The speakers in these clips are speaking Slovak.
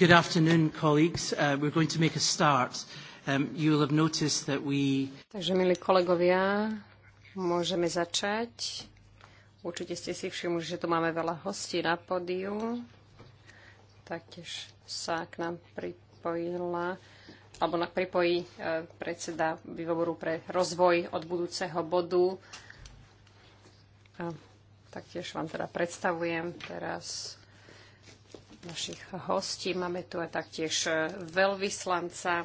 Good afternoon, colleagues. Uh, we're going to make a start. Um, you will have noticed that we... Takže, milí kolegovia, môžeme začať. Určite ste si všimli, že tu máme veľa hostí na pódiu. Taktiež sa k nám pripojila alebo na pripojí e, predseda výboru pre rozvoj od budúceho bodu. A taktiež vám teda predstavujem teraz našich hostí. Máme tu aj taktiež e, veľvyslanca.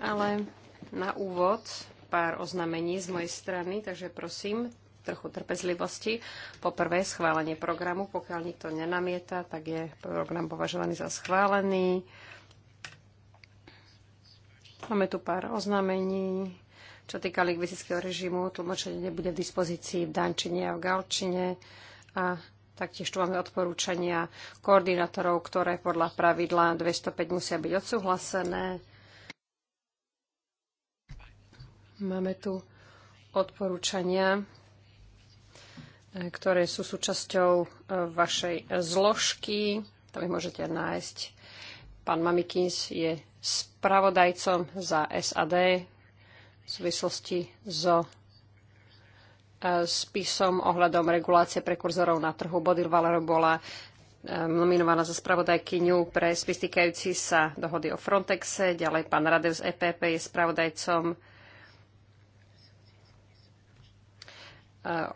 Ale na úvod pár oznamení z mojej strany, takže prosím, trochu trpezlivosti. Po prvé, schválenie programu. Pokiaľ nikto nenamieta, tak je program považovaný za schválený. Máme tu pár oznámení. Čo týka lingvistického režimu, tlmočenie nebude v dispozícii v Dančine a v Galčine a Taktiež tu máme odporúčania koordinátorov, ktoré podľa pravidla 205 musia byť odsúhlasené. Máme tu odporúčania, eh, ktoré sú súčasťou eh, vašej zložky. Tam ich môžete nájsť. Pán Mamikins je spravodajcom za SAD v súvislosti so E, spisom ohľadom regulácie prekurzorov na trhu. Bodil Valero bola e, nominovaná za spravodajkyňu pre spis týkajúci sa dohody o Frontexe. Ďalej pán Radev z EPP je spravodajcom e,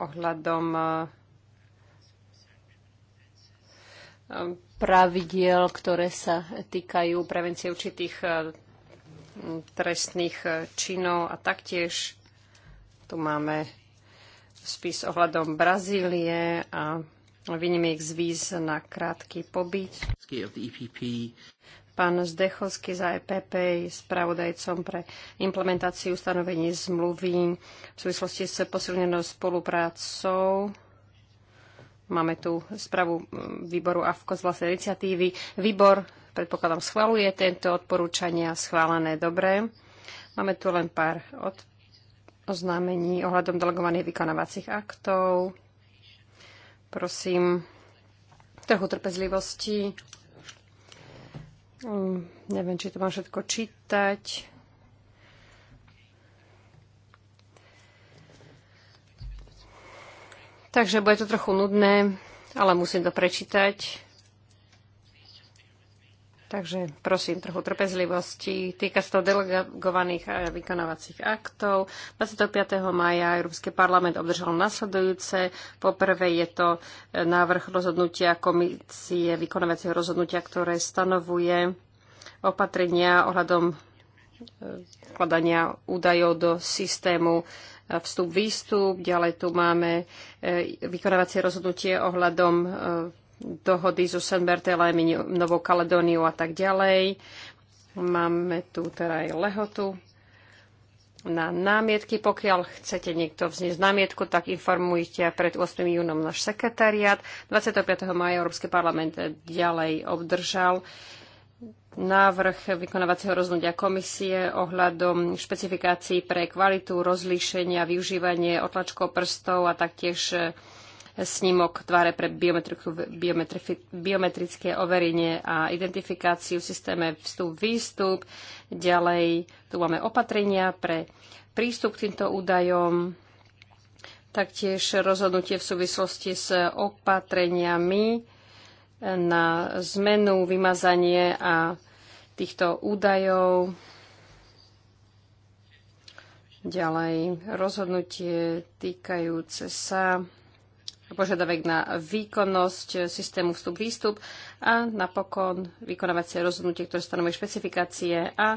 ohľadom pravidiel, ktoré sa týkajú prevencie určitých trestných činov a taktiež tu máme spis ohľadom Brazílie a výnimiek z víz na krátky pobyt. Pán Zdechovský za EPP je spravodajcom pre implementáciu ustanovení zmluvy v súvislosti s posilnenou spoluprácou. Máme tu správu výboru AFKO z vlastnej iniciatívy. Výbor, predpokladám, schvaluje tento odporúčania schválené dobre. Máme tu len pár od oznámení ohľadom delegovaných vykonávacích aktov. Prosím, trochu trpezlivosti. Um, neviem, či to mám všetko čítať. Takže bude to trochu nudné, ale musím to prečítať. Takže prosím trochu trpezlivosti. Týka sa to delegovaných a vykonávacích aktov. 25. maja Európsky parlament obdržal nasledujúce. Poprvé je to e, návrh rozhodnutia komisie vykonávacieho rozhodnutia, ktoré stanovuje opatrenia ohľadom e, vkladania údajov do systému e, vstup-výstup. Ďalej tu máme vykonávacie rozhodnutie ohľadom dohody so San Bertelem, Novou Kaledóniou a tak ďalej. Máme tu teda aj lehotu na námietky. Pokiaľ chcete niekto vzniesť námietku, tak informujte pred 8. júnom náš sekretariat. 25. maja Európsky parlament ďalej obdržal návrh vykonávacieho rozhodnutia komisie ohľadom špecifikácií pre kvalitu, rozlíšenia, využívanie otlačkov prstov a taktiež snímok tváre pre biometrické overenie a identifikáciu v systéme vstup-výstup. Ďalej tu máme opatrenia pre prístup k týmto údajom, taktiež rozhodnutie v súvislosti s opatreniami na zmenu, vymazanie a týchto údajov. Ďalej rozhodnutie týkajúce sa požiadavek na výkonnosť systému vstup-výstup a napokon vykonávacie rozhodnutie, ktoré stanovuje špecifikácie a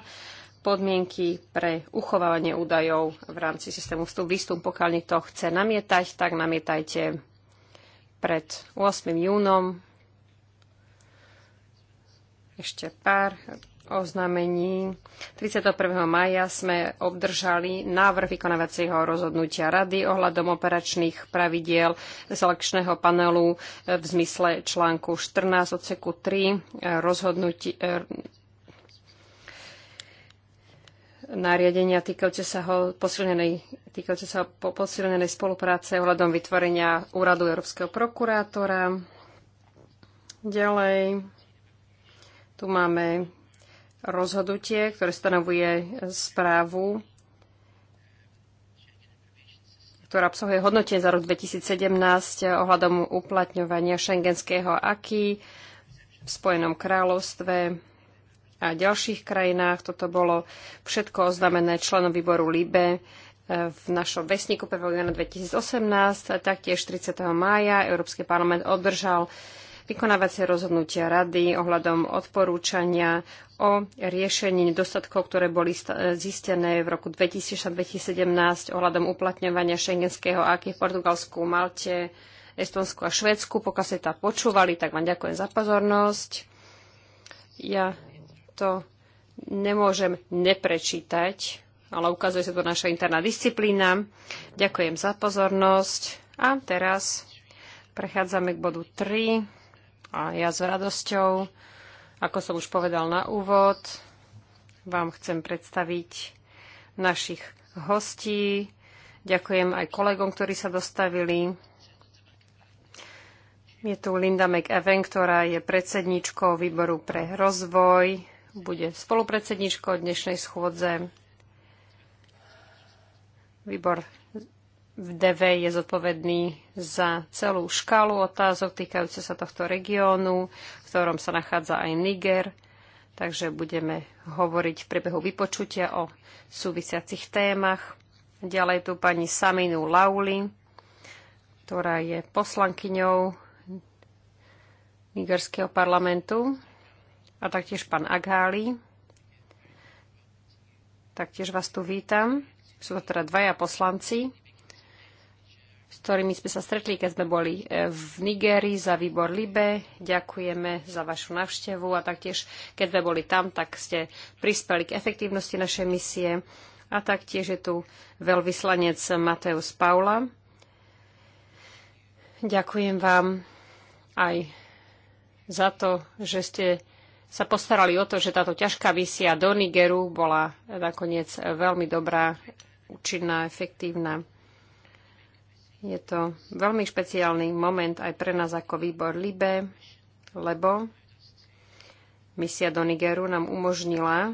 podmienky pre uchovávanie údajov v rámci systému vstup-výstup. Pokiaľ niekto chce namietať, tak namietajte pred 8. júnom. Ešte pár oznámení 31. maja sme obdržali návrh vykonávacieho rozhodnutia Rady ohľadom operačných pravidiel selekčného panelu v zmysle článku 14 odseku 3 eh, rozhodnutí eh, nariadenia týkajúce sa, ho posilnenej, týkajúce sa posilnenej spolupráce ohľadom vytvorenia úradu Európskeho prokurátora. Ďalej, tu máme rozhodnutie, ktoré stanovuje správu, ktorá obsahuje hodnotenie za rok 2017 ohľadom uplatňovania šengenského aký v Spojenom kráľovstve a ďalších krajinách. Toto bolo všetko oznamené členom výboru LIBE eh, v našom vesníku 1. 2018 2018. Taktiež 30. mája Európsky parlament obdržal vykonávacie rozhodnutia rady ohľadom odporúčania o riešení nedostatkov, ktoré boli zistené v roku 2017 ohľadom uplatňovania šengenského aky v Portugalsku, Malte, Estonsku a Švédsku. Pokiaľ ste tá počúvali, tak vám ďakujem za pozornosť. Ja to nemôžem neprečítať, ale ukazuje sa to naša interná disciplína. Ďakujem za pozornosť a teraz prechádzame k bodu 3. A ja s radosťou, ako som už povedal na úvod, vám chcem predstaviť našich hostí. Ďakujem aj kolegom, ktorí sa dostavili. Je tu Linda McEwen, ktorá je predsedničkou výboru pre rozvoj. Bude spolupredsedničkou dnešnej schôdze. Výbor v DV je zodpovedný za celú škálu otázok týkajúce sa tohto regiónu, v ktorom sa nachádza aj Niger. Takže budeme hovoriť v priebehu vypočutia o súvisiacich témach. Ďalej tu pani Saminu Lauli, ktorá je poslankyňou nigerského parlamentu a taktiež pán Agháli. Taktiež vás tu vítam. Sú to teda dvaja poslanci s ktorými sme sa stretli, keď sme boli e, v Nigerii za výbor Libe. Ďakujeme za vašu navštevu a taktiež, keď sme boli tam, tak ste prispeli k efektívnosti našej misie. A taktiež je tu veľvyslanec Mateus Paula. Ďakujem vám aj za to, že ste sa postarali o to, že táto ťažká misia do Nigeru bola nakoniec veľmi dobrá, účinná, efektívna. Je to veľmi špeciálny moment aj pre nás ako výbor LIBE, lebo misia do Nigeru nám umožnila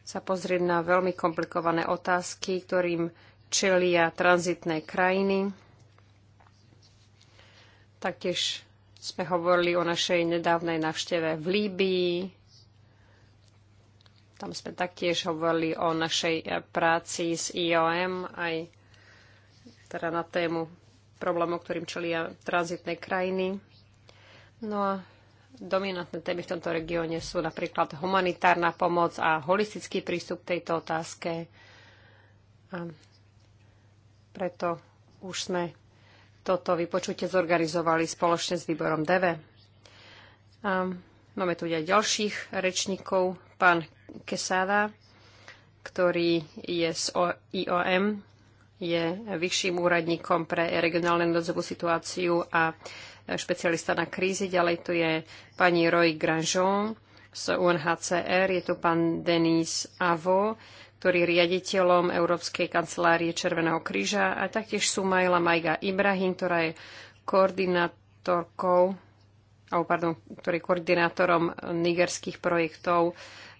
sa pozrieť na veľmi komplikované otázky, ktorým čelia tranzitné krajiny. Taktiež sme hovorili o našej nedávnej navšteve v Líbii. Tam sme taktiež hovorili o našej práci s IOM aj teda na tému problémov, ktorým čelia tranzitné krajiny. No a dominantné témy v tomto regióne sú napríklad humanitárna pomoc a holistický prístup k tejto otázke. A preto už sme toto vypočutie zorganizovali spoločne s výborom DV. A máme tu aj ďalších rečníkov, pán Kesada, ktorý je z IOM, je vyšším úradníkom pre regionálne nadzovú situáciu a špecialista na krízy. Ďalej tu je pani Roy Granjon z UNHCR, je tu pán Denis Avo, ktorý je riaditeľom Európskej kancelárie Červeného kríža a taktiež Majla Majga Ibrahim, ktorá je koordinátorkou, alebo oh, pardon, ktorý je koordinátorom nigerských projektov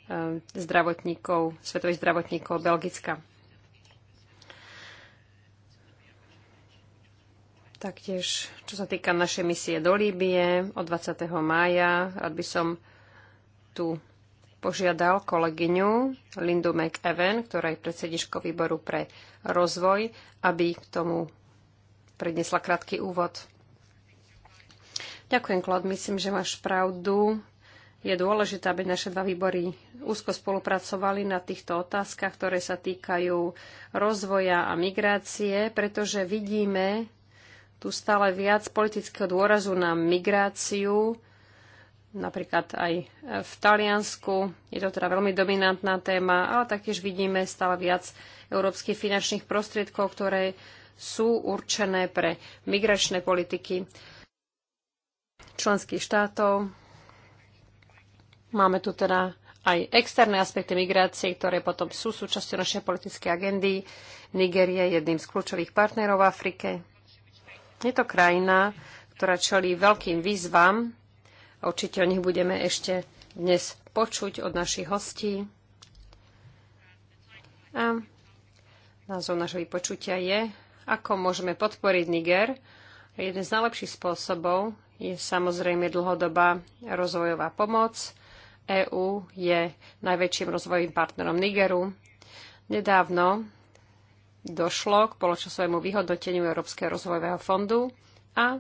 eh, zdravotníkov, svetových zdravotníkov Belgicka. Taktiež, čo sa týka našej misie do Líbie od 20. mája, rád by som tu požiadal kolegyňu Lindu McEwen, ktorá je predsedničkou výboru pre rozvoj, aby k tomu prednesla krátky úvod. Ďakujem, Klod. Myslím, že máš pravdu. Je dôležité, aby naše dva výbory úzko spolupracovali na týchto otázkach, ktoré sa týkajú rozvoja a migrácie, pretože vidíme, tu stále viac politického dôrazu na migráciu, napríklad aj v Taliansku. Je to teda veľmi dominantná téma, ale taktiež vidíme stále viac európskych finančných prostriedkov, ktoré sú určené pre migračné politiky členských štátov. Máme tu teda aj externé aspekty migrácie, ktoré potom sú súčasťou našej politickej agendy. Nigeria je jedným z kľúčových partnerov v Afrike je to krajina, ktorá čelí veľkým výzvam. Určite o nich budeme ešte dnes počuť od našich hostí. A názov našho vypočutia je, ako môžeme podporiť Niger. Jeden z najlepších spôsobov je samozrejme dlhodobá rozvojová pomoc. EÚ je najväčším rozvojovým partnerom Nigeru. Nedávno došlo k poločasovému vyhodnoteniu Európskeho rozvojového fondu a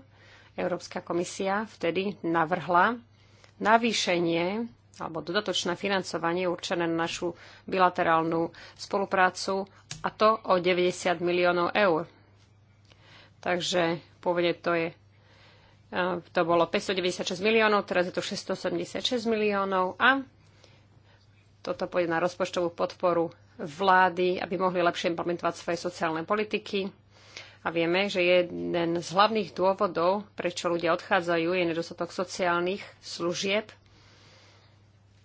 Európska komisia vtedy navrhla navýšenie alebo dodatočné financovanie určené na našu bilaterálnu spoluprácu a to o 90 miliónov eur. Takže pôvodne to je e, to bolo 596 miliónov, teraz je to 676 miliónov a toto pôjde na rozpočtovú podporu vlády, aby mohli lepšie implementovať svoje sociálne politiky. A vieme, že jeden z hlavných dôvodov, prečo ľudia odchádzajú, je nedostatok sociálnych služieb.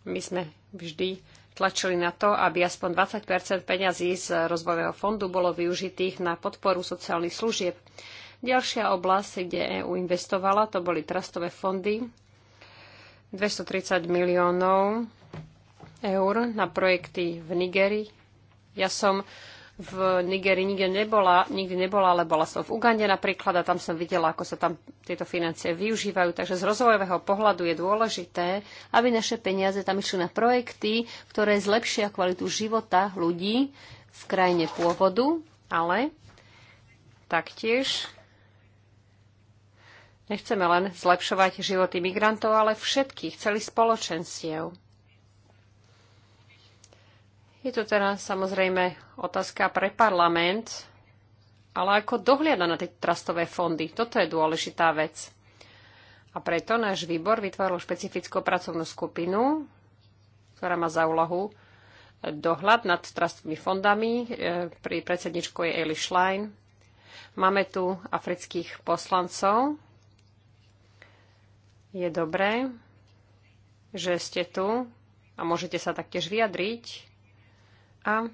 My sme vždy tlačili na to, aby aspoň 20 peňazí z rozvojového fondu bolo využitých na podporu sociálnych služieb. Ďalšia oblasť, kde EU investovala, to boli trastové fondy. 230 miliónov eur na projekty v Nigerii. Ja som v Nigerii nikde nebola, nikdy nebola, ale bola som v Ugande napríklad a tam som videla, ako sa tam tieto financie využívajú. Takže z rozvojového pohľadu je dôležité, aby naše peniaze tam išli na projekty, ktoré zlepšia kvalitu života ľudí v krajine pôvodu, ale taktiež nechceme len zlepšovať životy migrantov, ale všetkých, celých spoločenstiev. Je to teraz samozrejme otázka pre parlament, ale ako dohliada na tie trastové fondy. Toto je dôležitá vec. A preto náš výbor vytvoril špecifickú pracovnú skupinu, ktorá má za úlohu dohľad nad trastovými fondami. E, pri predsedničku je Eli Schlein. Máme tu afrických poslancov. Je dobré, že ste tu a môžete sa taktiež vyjadriť. A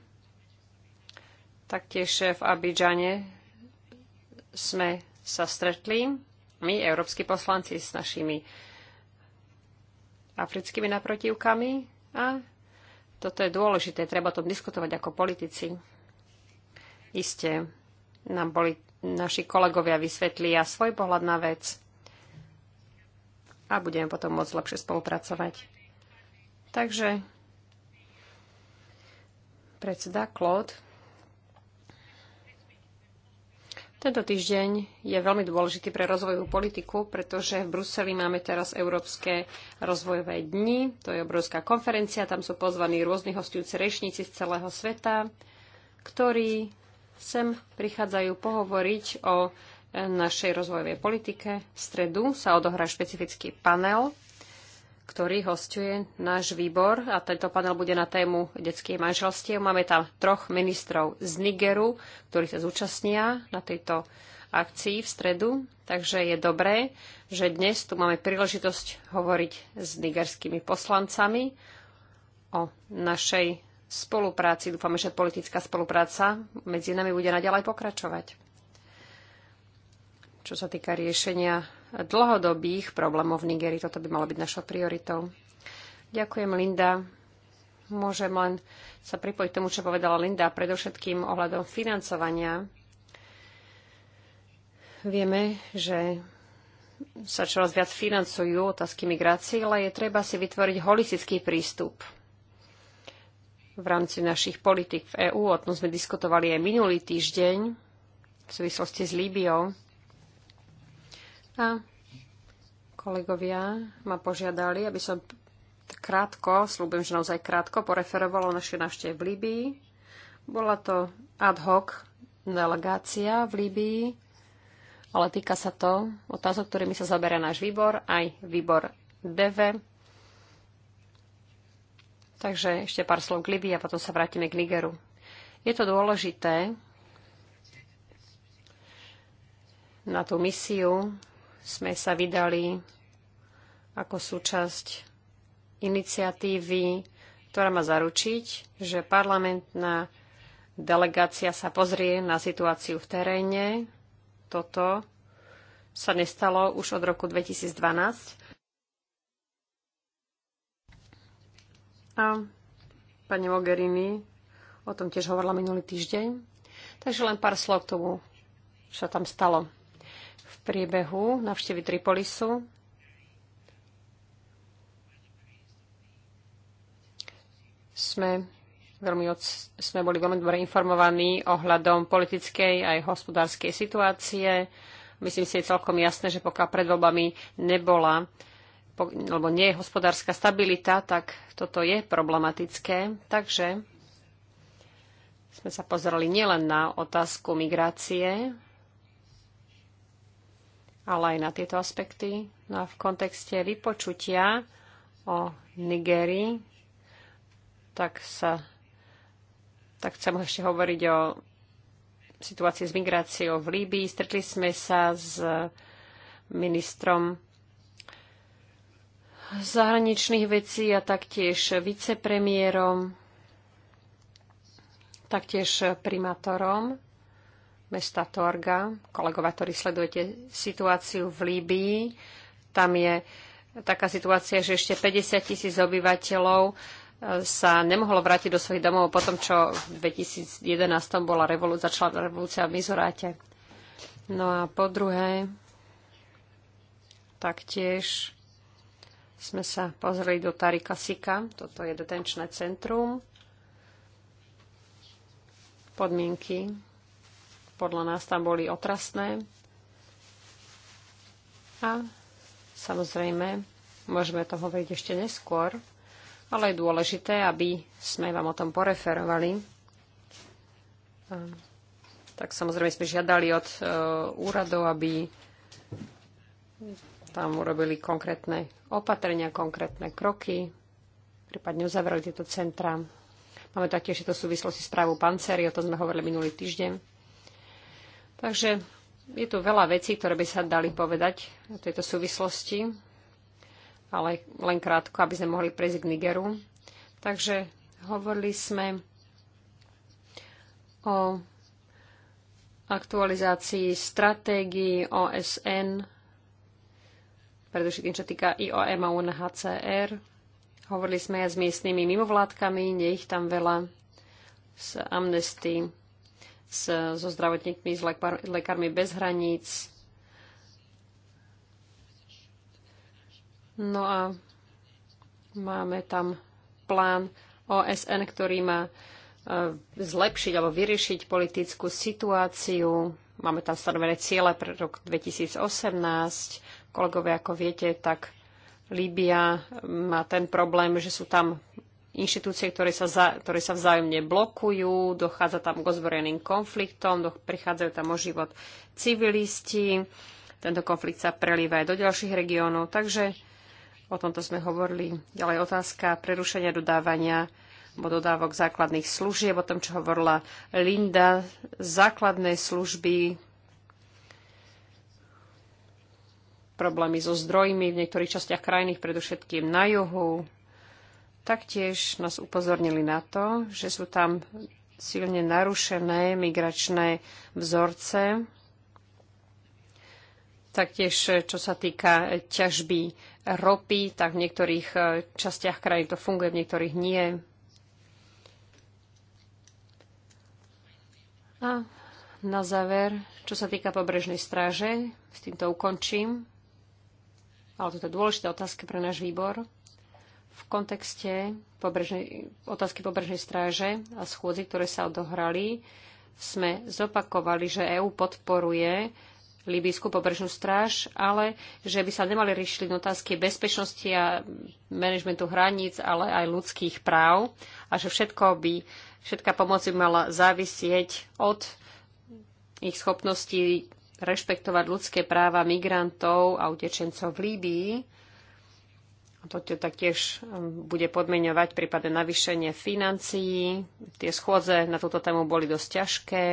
taktiež v Abidžane sme sa stretli, my, európsky poslanci, s našimi africkými naprotivkami a toto je dôležité, treba to tom diskutovať ako politici. Isté, nám boli naši kolegovia vysvetlia svoj pohľad na vec a budeme potom môcť lepšie spolupracovať. Takže Predseda Claude. Tento týždeň je veľmi dôležitý pre rozvojovú politiku, pretože v Bruseli máme teraz Európske rozvojové dni. To je obrovská konferencia, tam sú pozvaní rôzni hostujúci rečníci z celého sveta, ktorí sem prichádzajú pohovoriť o našej rozvojovej politike. V stredu sa odohrá špecifický panel ktorý hostuje náš výbor a tento panel bude na tému detskej manželstie. Máme tam troch ministrov z Nigeru, ktorí sa zúčastnia na tejto akcii v stredu, takže je dobré, že dnes tu máme príležitosť hovoriť s nigerskými poslancami o našej spolupráci. Dúfame, že politická spolupráca medzi nami bude naďalej pokračovať. Čo sa týka riešenia dlhodobých problémov v Nigerii. Toto by malo byť našou prioritou. Ďakujem, Linda. Môžem len sa pripojiť tomu, čo povedala Linda, predovšetkým ohľadom financovania. Vieme, že sa čoraz viac financujú otázky migrácie, ale je treba si vytvoriť holistický prístup v rámci našich politik v EÚ. O tom sme diskutovali aj minulý týždeň v súvislosti s Líbiou. A kolegovia ma požiadali, aby som krátko, slúbim, že naozaj krátko, poreferovala o našej návšteve v Líbii. Bola to ad hoc delegácia v Líbii, ale týka sa to otázok, ktorými sa zaberá náš výbor, aj výbor DV. Takže ešte pár slov k Libii a potom sa vrátime k Nigeru. Je to dôležité na tú misiu sme sa vydali ako súčasť iniciatívy, ktorá má zaručiť, že parlamentná delegácia sa pozrie na situáciu v teréne. Toto sa nestalo už od roku 2012. A pani Mogherini o tom tiež hovorila minulý týždeň. Takže len pár slov k tomu, čo tam stalo v priebehu navštevy Tripolisu. Sme, veľmi od, sme boli veľmi dobre informovaní ohľadom politickej aj hospodárskej situácie. Myslím si, je celkom jasné, že pokiaľ pred voľbami nebola alebo nie je hospodárska stabilita, tak toto je problematické. Takže sme sa pozerali nielen na otázku migrácie ale aj na tieto aspekty. No a v kontexte vypočutia o Nigerii, tak sa tak chcem ešte hovoriť o situácii s migráciou v Líbii. Stretli sme sa s ministrom zahraničných vecí a taktiež vicepremiérom, taktiež primátorom mesta Torga. Kolegovia, ktorí sledujete situáciu v Líbii, tam je taká situácia, že ešte 50 tisíc obyvateľov e, sa nemohlo vrátiť do svojich domov po tom, čo v 2011 bola revolúcia, začala revolúcia v Mizoráte. No a po druhé, taktiež sme sa pozreli do Tarika Sika, toto je detenčné centrum, podmienky podľa nás tam boli otrasné. A samozrejme, môžeme to hovoriť ešte neskôr, ale je dôležité, aby sme vám o tom poreferovali. A, tak samozrejme sme žiadali od e, úradov, aby tam urobili konkrétne opatrenia, konkrétne kroky, prípadne uzavreli tieto centra. Máme taktiež to súvislosti s právou pancéry, o tom sme hovorili minulý týždeň. Takže je tu veľa vecí, ktoré by sa dali povedať o tejto súvislosti, ale len krátko, aby sme mohli prejsť k Nigeru. Takže hovorili sme o aktualizácii stratégií OSN, predovšetkým čo týka IOM a UNHCR. Hovorili sme aj s miestnymi mimovládkami, nie ich tam veľa, s Amnesty so zdravotníkmi, s lekármi bez hraníc. No a máme tam plán OSN, ktorý má e, zlepšiť alebo vyriešiť politickú situáciu. Máme tam stanovené ciele pre rok 2018. Kolegovia, ako viete, tak Líbia má ten problém, že sú tam inštitúcie, ktoré sa, za, ktoré sa vzájomne blokujú, dochádza tam k ozbrojeným konfliktom, do, prichádzajú tam o život civilisti, tento konflikt sa prelíva aj do ďalších regiónov, takže o tomto sme hovorili. Ďalej otázka prerušenia dodávania alebo dodávok základných služieb, o tom, čo hovorila Linda, základné služby, problémy so zdrojmi v niektorých častiach krajiny, predovšetkým na juhu, Taktiež nás upozornili na to, že sú tam silne narušené migračné vzorce, Taktiež, čo sa týka ťažby ropy, tak v niektorých eh, častiach krajín to funguje, v niektorých nie. A na záver, čo sa týka pobrežnej stráže, s týmto ukončím. Ale toto je dôležitá otázka pre náš výbor v kontexte pobrežnej, otázky pobrežnej stráže a schôdzi, ktoré sa odohrali, sme zopakovali, že EÚ podporuje Libijskú pobrežnú stráž, ale že by sa nemali riešiť otázky bezpečnosti a manažmentu hraníc, ale aj ľudských práv a že všetko by, všetká pomoc by mala závisieť od ich schopností rešpektovať ľudské práva migrantov a utečencov v Líbii toto taktiež um, bude podmeňovať prípadne navýšenie financií. Tie schôdze na túto tému boli dosť ťažké.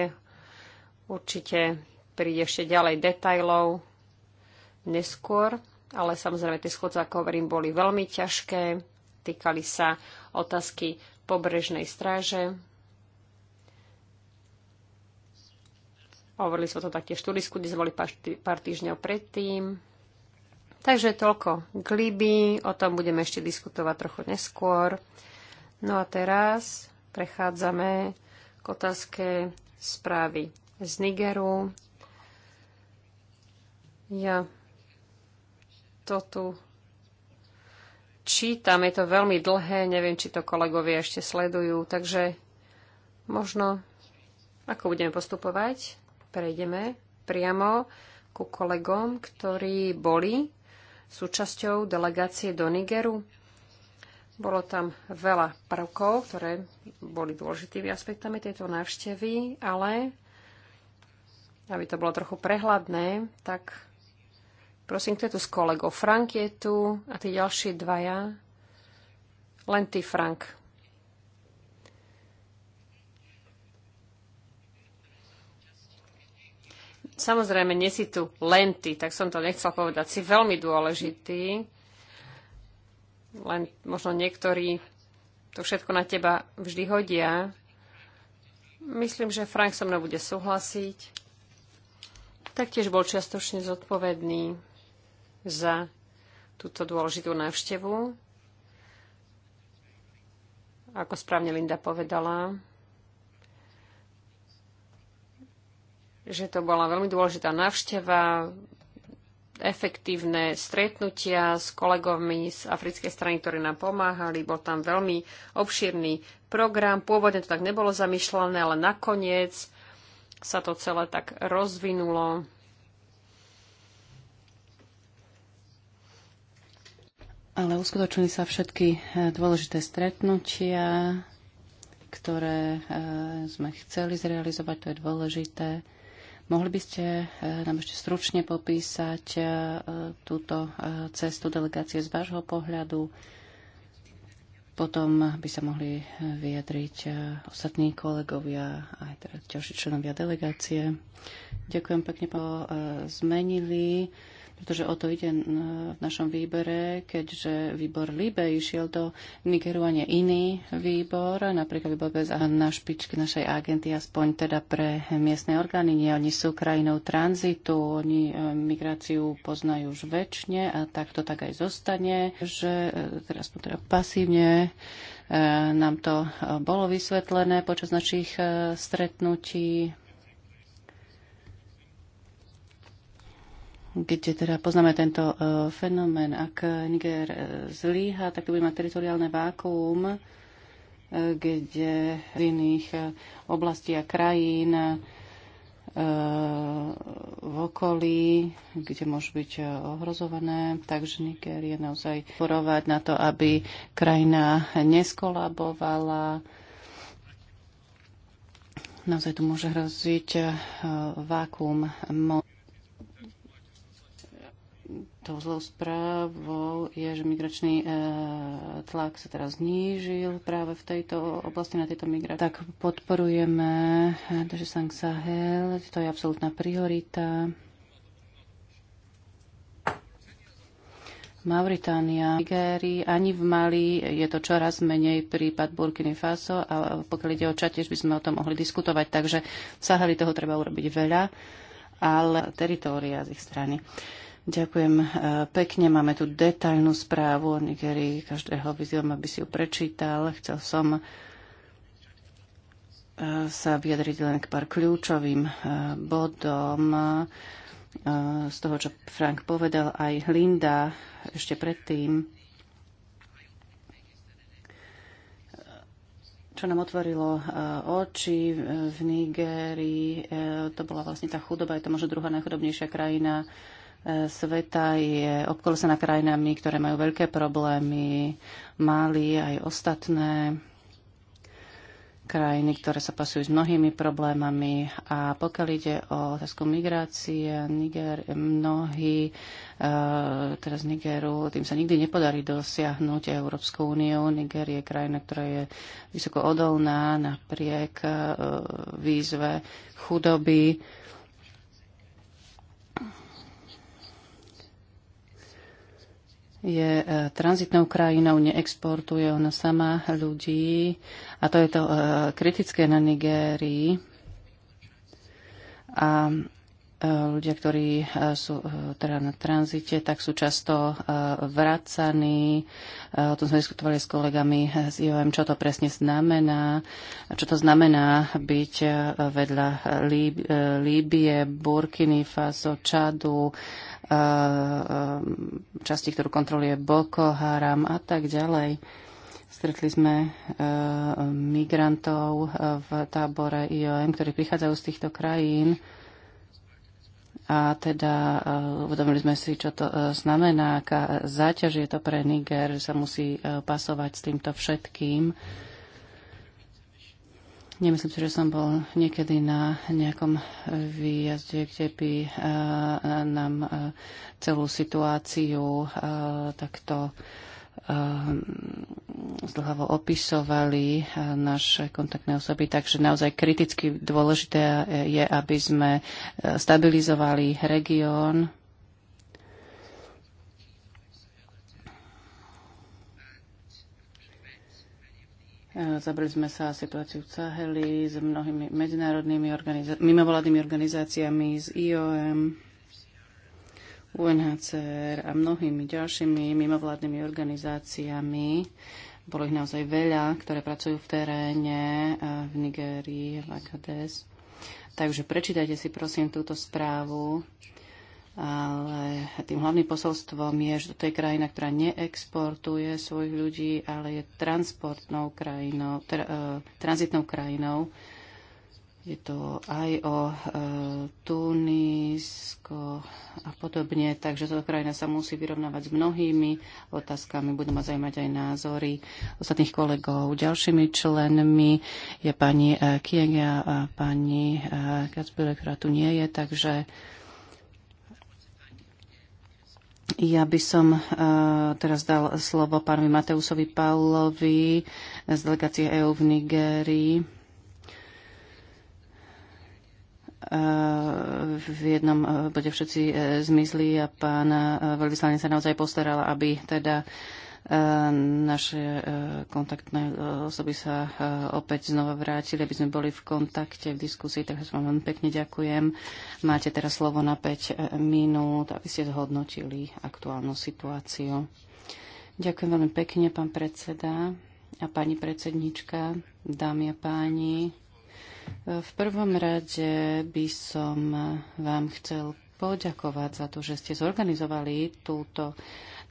Určite príde ešte ďalej detajlov neskôr, ale samozrejme tie schôdze, ako hovorím, boli veľmi ťažké. Týkali sa otázky pobrežnej stráže, Hovorili sme to taktiež tú disku, kde sme boli pár týždňov predtým. Takže toľko k liby, o tom budeme ešte diskutovať trochu neskôr. No a teraz prechádzame k otázke správy z Nigeru. Ja to tu čítam, je to veľmi dlhé, neviem, či to kolegovia ešte sledujú, takže možno, ako budeme postupovať, prejdeme priamo ku kolegom, ktorí boli súčasťou delegácie do Nigeru. Bolo tam veľa prvkov, ktoré boli dôležitými aspektami tejto návštevy, ale aby to bolo trochu prehľadné, tak prosím, kto je tu s kolegou? Frank je tu a tí ďalší dvaja. Len ty, Frank. Samozrejme, nie si tu len ty, tak som to nechcel povedať. Si veľmi dôležitý. Len možno niektorí to všetko na teba vždy hodia. Myslím, že Frank so mnou bude súhlasiť. Taktiež bol čiastočne zodpovedný za túto dôležitú návštevu. Ako správne Linda povedala, že to bola veľmi dôležitá návšteva, efektívne stretnutia s kolegovmi z africkej strany, ktorí nám pomáhali. Bol tam veľmi obšírny program. Pôvodne to tak nebolo zamýšľané, ale nakoniec sa to celé tak rozvinulo. Ale uskutočnili sa všetky e, dôležité stretnutia, ktoré e, sme chceli zrealizovať, to je dôležité. Mohli by ste e, nám ešte stručne popísať e, túto e, cestu delegácie z vášho pohľadu? Potom by sa mohli vyjadriť ostatní kolegovia, a aj teda ďalší členovia delegácie. Ďakujem pekne, po zmenili pretože o to ide v našom výbere, keďže výbor Libe išiel do Nigeru a nie iný výbor, napríklad výbor bez na špičky, našej agenty, aspoň teda pre miestne orgány. Nie, oni sú krajinou tranzitu, oni e, migráciu poznajú už väčšine a tak to tak aj zostane, že e, teraz teda pasívne e, nám to bolo vysvetlené počas našich stretnutí keď teda poznáme tento uh, fenomén, ak Niger e, zlíha, tak to bude mať teritoriálne vákuum, uh, kde v iných uh, oblastí a krajín uh, v okolí, kde môžu byť ohrozované. Takže Niger je naozaj porovať na to, aby krajina neskolabovala. Naozaj tu môže hroziť vákuum tou zlou správou je, že migračný e, tlak sa teraz znížil práve v tejto oblasti na tejto migrácii. Tak podporujeme e, že Sang Sahel, to je absolútna priorita. Mauritánia, Nigérii, ani v Mali je to čoraz menej prípad Burkiny Faso a pokiaľ ide o čat, tiež by sme o tom mohli diskutovať, takže v Saheli toho treba urobiť veľa, ale teritória z ich strany. Ďakujem e, pekne. Máme tu detailnú správu o Nigerii. Každého vyzývam, aby si ju prečítal. Chcel som e, sa vyjadriť len k pár kľúčovým e, bodom z toho, čo Frank povedal aj Linda ešte predtým. čo nám otvorilo oči v Nigérii. To bola vlastne tá chudoba, je to možno druhá najchudobnejšia krajina sveta je obkolosená krajinami, ktoré majú veľké problémy, Mali aj ostatné krajiny, ktoré sa pasujú s mnohými problémami. A pokiaľ ide o otázku migrácie, Niger, mnohí e, teraz Nigeru, tým sa nikdy nepodarí dosiahnuť Európsku úniu. Niger je krajina, ktorá je vysoko odolná napriek e, výzve chudoby. E, je e, tranzitnou krajinou, neexportuje ona sama ľudí a to je to e, kritické na Nigérii. A ľudia, ktorí e, sú e, teda na tranzite, tak sú často e, vracaní. O tom sme diskutovali s kolegami z IOM, čo to presne znamená. Čo to znamená byť vedľa Líbie, Burkiny, Faso, Čadu, časti, ktorú kontroluje Boko Haram a tak ďalej. Stretli sme migrantov v tábore IOM, ktorí prichádzajú z týchto krajín a teda e, uvedomili sme si, čo to e, znamená, aká záťaž je to pre Niger, že sa musí e, pasovať s týmto všetkým. Nemyslím si, že som bol niekedy na nejakom výjazde, kde by nám celú situáciu takto Ehm, zdlhavo opisovali eh, naše kontaktné osoby, takže naozaj kriticky dôležité je, aby sme eh, stabilizovali región. Ehm, zabrali sme sa situáciu v Saheli s mnohými medzinárodnými organizá- mimovládnymi organizáciami, z IOM. UNHCR a mnohými ďalšími mimovládnymi organizáciami. Bolo ich naozaj veľa, ktoré pracujú v teréne e, v Nigérii, v Akades. Takže prečítajte si prosím túto správu ale tým hlavným posolstvom je, že to je krajina, ktorá neexportuje svojich ľudí, ale je transportnou krajinou, tra, uh, tranzitnou krajinou je to aj o e, Tunísko a podobne, takže táto krajina sa musí vyrovnávať s mnohými otázkami. Budú ma zaujímať aj názory ostatných kolegov. Ďalšími členmi je pani e, Kienga a pani e, Kacbile, ktorá tu nie je, takže ja by som uh, teraz dal slovo pánovi Mateusovi Paulovi z delegácie EÚ v Nigérii. Eh, v jednom eh, bode všetci eh, zmizli a pán veľvyslanec sa naozaj postaral, aby teda naše kontaktné osoby sa opäť znova vrátili, aby sme boli v kontakte, v diskusii, takže vám veľmi pekne ďakujem. Máte teraz slovo na 5 minút, aby ste zhodnotili aktuálnu situáciu. Ďakujem veľmi pekne, pán predseda a pani predsednička, dámy a páni. V prvom rade by som vám chcel poďakovať za to, že ste zorganizovali túto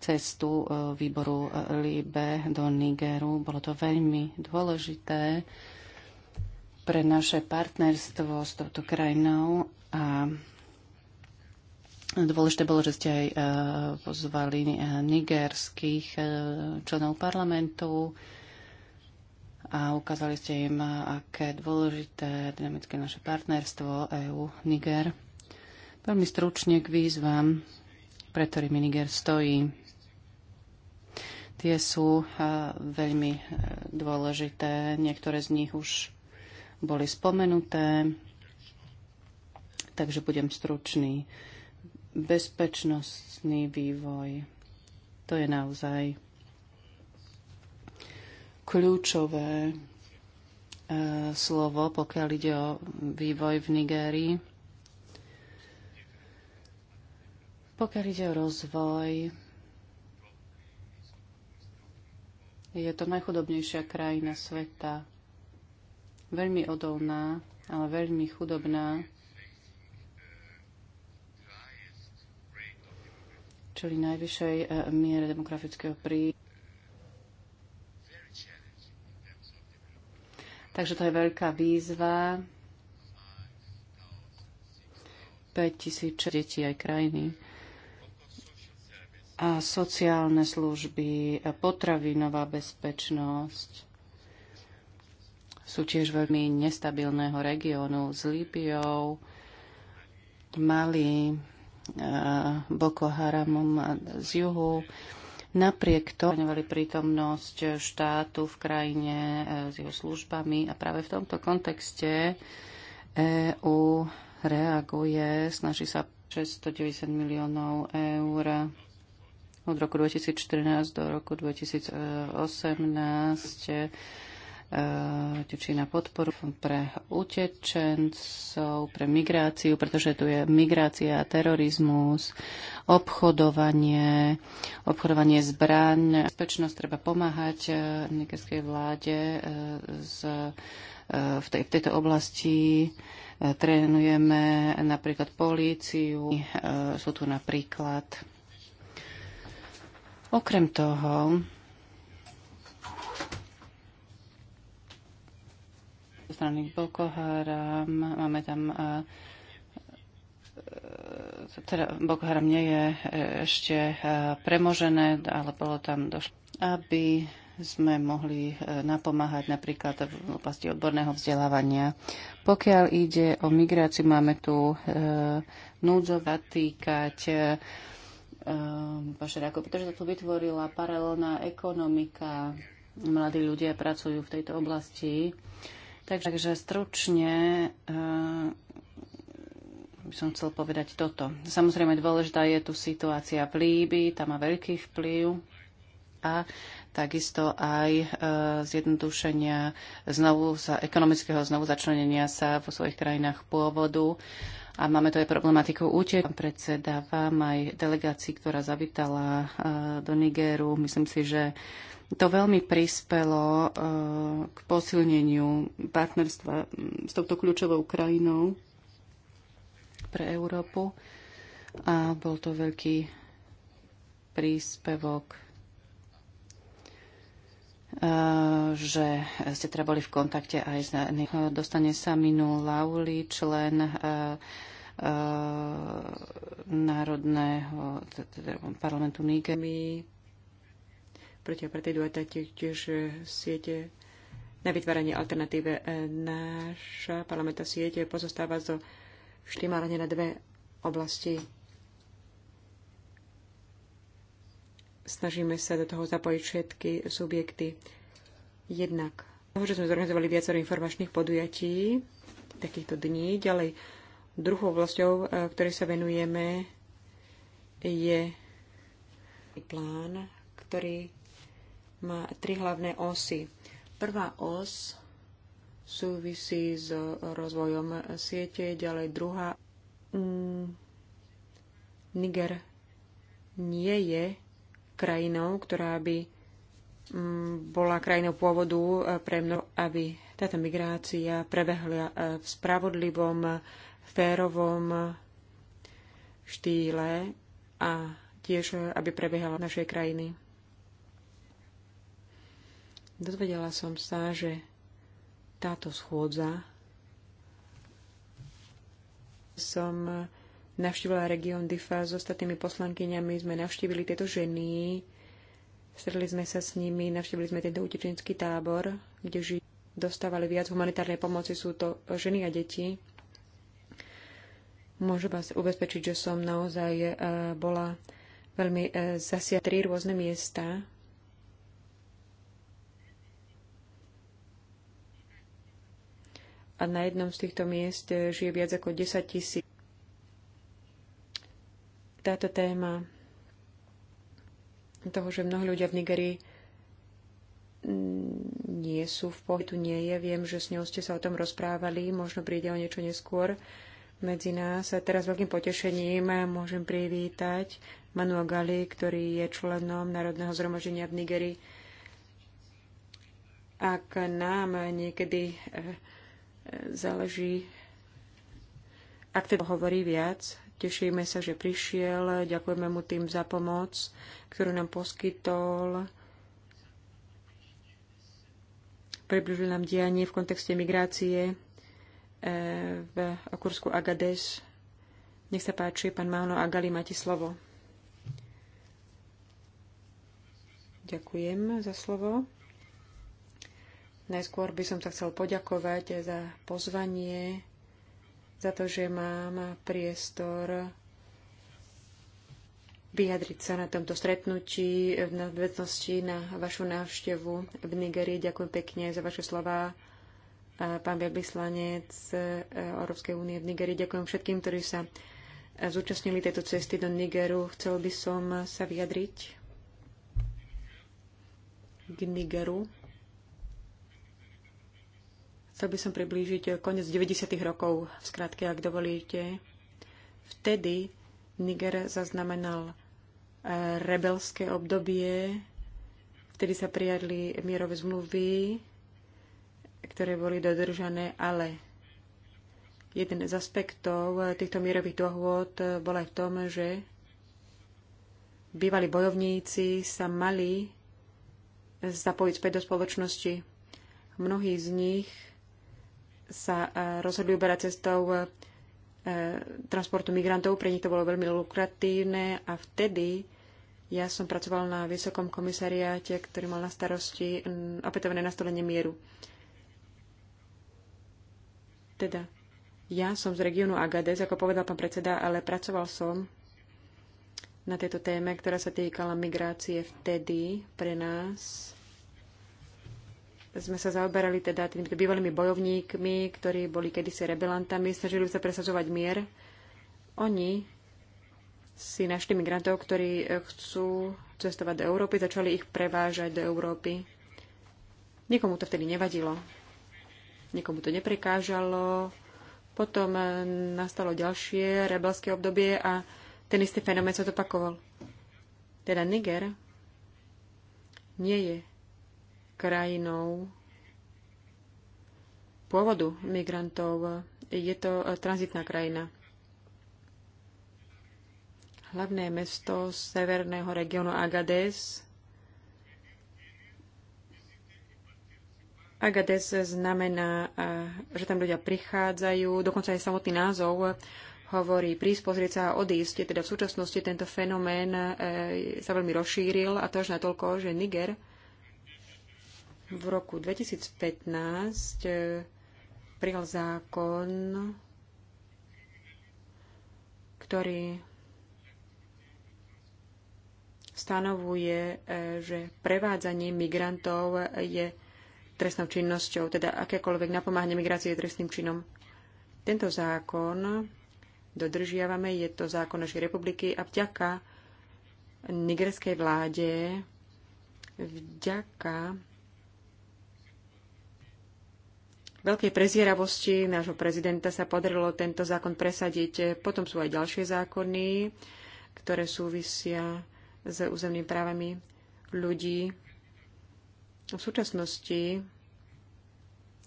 cestu e, výboru e, Líbe do Nigeru. Bolo to veľmi dôležité pre naše partnerstvo s touto krajinou a Dôležité bolo, že ste aj e, pozvali nigerských členov parlamentu a ukázali ste im, aké dôležité dynamické naše partnerstvo EU-Niger. Veľmi stručne k výzvam, pre ktorými Niger stojí. Tie sú e, veľmi e, dôležité. Niektoré z nich už boli spomenuté, takže budem stručný. Bezpečnostný vývoj. To je naozaj kľúčové e, slovo, pokiaľ ide o vývoj v Nigérii. Pokiaľ ide o rozvoj, je to najchudobnejšia krajina sveta. Veľmi odolná, ale veľmi chudobná. Čili najvyššej e, miere demografického príjmu Takže to je veľká výzva. 5000 detí aj krajiny. A sociálne služby, potravinová bezpečnosť sú tiež veľmi nestabilného regiónu s Líbiou, Mali, Boko Haramom z juhu. Napriek to prítomnosť štátu v krajine e, s jeho službami a práve v tomto kontexte EÚ reaguje, snaží sa 690 miliónov eur od roku 2014 do roku 2018 E, či na podporu pre utečencov, pre migráciu, pretože tu je migrácia, terorizmus, obchodovanie, obchodovanie zbraň. Bezpečnosť treba pomáhať e, nigerskej vláde e, z, v, tej, v tejto oblasti. Trénujeme napríklad políciu, sú tu napríklad. Okrem toho, zo strany Boko Haram. Máme tam e, e, teda Boko Haram nie je e, ešte premožené, ale bolo tam došlo, aby sme mohli napomáhať napríklad v oblasti odborného vzdelávania. Pokiaľ ide o migráciu, máme tu e, núdzova týkať e, pašerákov, pretože sa tu vytvorila paralelná ekonomika. Mladí ľudia pracujú v tejto oblasti. E, Takže stručne eh, by som chcel povedať toto. Samozrejme dôležitá je tu situácia v Líbii, tam má veľký vplyv a takisto aj uh, zjednodušenia znovu sa, ekonomického znovu začlenenia sa vo svojich krajinách pôvodu. A máme tu aj problematiku útek. Pán predseda, vám aj delegácii, ktorá zavítala eh, do Nigéru. Myslím si, že to veľmi prispelo eh, k posilneniu partnerstva hm, s touto kľúčovou krajinou pre Európu a bol to veľký príspevok eh, že ste teda boli v kontakte aj s... Dostane sa minul Lauli, člen eh, Národného parlamentu My proti apartheidu a tiež e, siete na vytváranie alternatíve. E, Náša parlamenta siete pozostáva zo štýmárne na dve oblasti. Snažíme sa do toho zapojiť všetky subjekty. Jednak toho, že sme zorganizovali viacero informačných podujatí takýchto dní. Ďalej, druhou oblasťou, e, ktorej sa venujeme, je plán, ktorý má tri hlavné osy. Prvá os súvisí s rozvojom siete, ďalej druhá. Mm, Niger nie je krajinou, ktorá by mm, bola krajinou pôvodu eh, pre mnoho, aby táto migrácia prebehla eh, v spravodlivom, férovom štýle a tiež, eh, aby prebiehala v našej krajiny. Dozvedela som sa, že táto schôdza som navštívila región DIFA s ostatnými poslankyňami, sme navštívili tieto ženy, stretli sme sa s nimi, navštívili sme tento utečenský tábor, kde ži- dostávali viac humanitárnej pomoci, sú to ženy a deti. Môžem vás ubezpečiť, že som naozaj eh, bola veľmi eh, zasiatri tri rôzne miesta a na jednom z týchto miest eh, žije viac ako 10 tisíc. Táto téma toho, že mnohí ľudia v Nigerii mm, nie sú v pohytu nie je. Viem, že s ňou ste sa o tom rozprávali, možno príde o niečo neskôr medzi nás. A teraz veľkým potešením môžem privítať Manu Gali, ktorý je členom Národného zhromaždenia v Nigerii. Ak nám niekedy eh, záleží, ak teda hovorí viac, tešíme sa, že prišiel, ďakujeme mu tým za pomoc, ktorú nám poskytol. Približil nám dianie v kontexte migrácie eh, v okursku Agades. Nech sa páči, pán Máno Agali, máte slovo. Ďakujem za slovo. Najskôr by som sa chcel poďakovať za pozvanie, za to, že mám priestor vyjadriť sa na tomto stretnutí v nadväznosti na vašu návštevu v Nigerii. Ďakujem pekne za vaše slova, pán veľvyslanec e, Európskej únie v Nigerii. Ďakujem všetkým, ktorí sa e, zúčastnili tejto cesty do Nigeru. Chcel by som sa vyjadriť k Nigeru. Chcel by som priblížiť eh, koniec 90. rokov, v skratke, ak dovolíte. Vtedy Niger zaznamenal eh, rebelské obdobie, vtedy sa prijadli mierové zmluvy, ktoré boli dodržané, ale jeden z aspektov eh, týchto mierových dohôd bol aj v tom, že bývalí bojovníci sa mali zapojiť späť do spoločnosti. Mnohí z nich sa e, rozhodli uberať cestou e, transportu migrantov. Pre nich to bolo veľmi lukratívne a vtedy ja som pracoval na Vysokom komisariáte, ktorý mal na starosti opätovné nastolenie mieru. Teda, ja som z regiónu Agadez, ako povedal pán predseda, ale pracoval som na tejto téme, ktorá sa týkala migrácie vtedy pre nás sme sa zaoberali teda týmito bývalými bojovníkmi, ktorí boli kedysi rebelantami, snažili sa presadzovať mier. Oni si našli migrantov, ktorí e, chcú cestovať do Európy, začali ich prevážať do Európy. Nikomu to vtedy nevadilo. Nikomu to neprekážalo. Potom e, nastalo ďalšie rebelské obdobie a ten istý fenomén sa opakoval. Teda Niger nie je krajinou pôvodu migrantov. Je to e, tranzitná krajina. Hlavné mesto severného regiónu Agadez. Agadez znamená, e, že tam ľudia prichádzajú, dokonca aj samotný názov hovorí prísť, pozrieť sa a odísť. Teda v súčasnosti tento fenomén e, sa veľmi rozšíril a to až natoľko, že Niger v roku 2015 e, prijal zákon, ktorý stanovuje, e, že prevádzanie migrantov je trestnou činnosťou, teda akékoľvek napomáhanie migrácie je trestným činom. Tento zákon dodržiavame, je to zákon našej republiky a vďaka nigerskej vláde, vďaka veľkej prezieravosti nášho prezidenta sa podarilo tento zákon presadiť. Potom sú aj ďalšie zákony, ktoré súvisia s územnými právami ľudí. V súčasnosti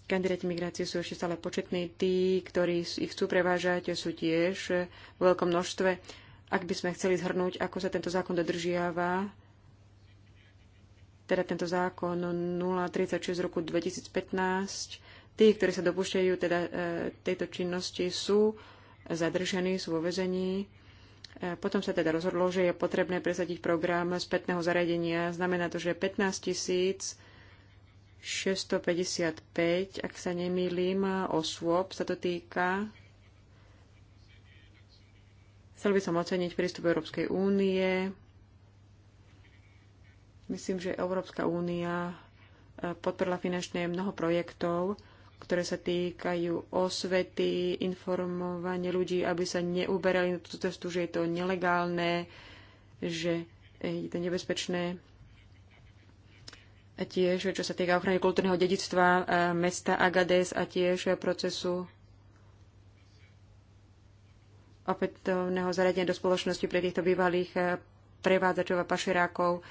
kandidáti migrácie sú ešte stále početní. Tí, ktorí ich chcú prevážať, sú tiež v veľkom množstve. Ak by sme chceli zhrnúť, ako sa tento zákon dodržiava, teda tento zákon 036 z roku 2015 Tí, ktorí sa dopúšťajú teda e, tejto činnosti, sú zadržaní, sú vo vezení. E, potom sa teda rozhodlo, že je potrebné presadiť program spätného zariadenia. Znamená to, že 15 655, ak sa nemýlim, osôb sa to týka. Chcel by som oceniť prístup Európskej únie. Myslím, že Európska únia e, podporila finančne mnoho projektov, ktoré sa týkajú osvety, informovanie ľudí, aby sa neuberali na túto cestu, že je to nelegálne, že je to nebezpečné. A tiež, čo sa týka ochrany kultúrneho dedictva e, mesta Agades a tiež procesu opätovného zaradenia do spoločnosti pre týchto bývalých e, prevádzačov a pašerákov.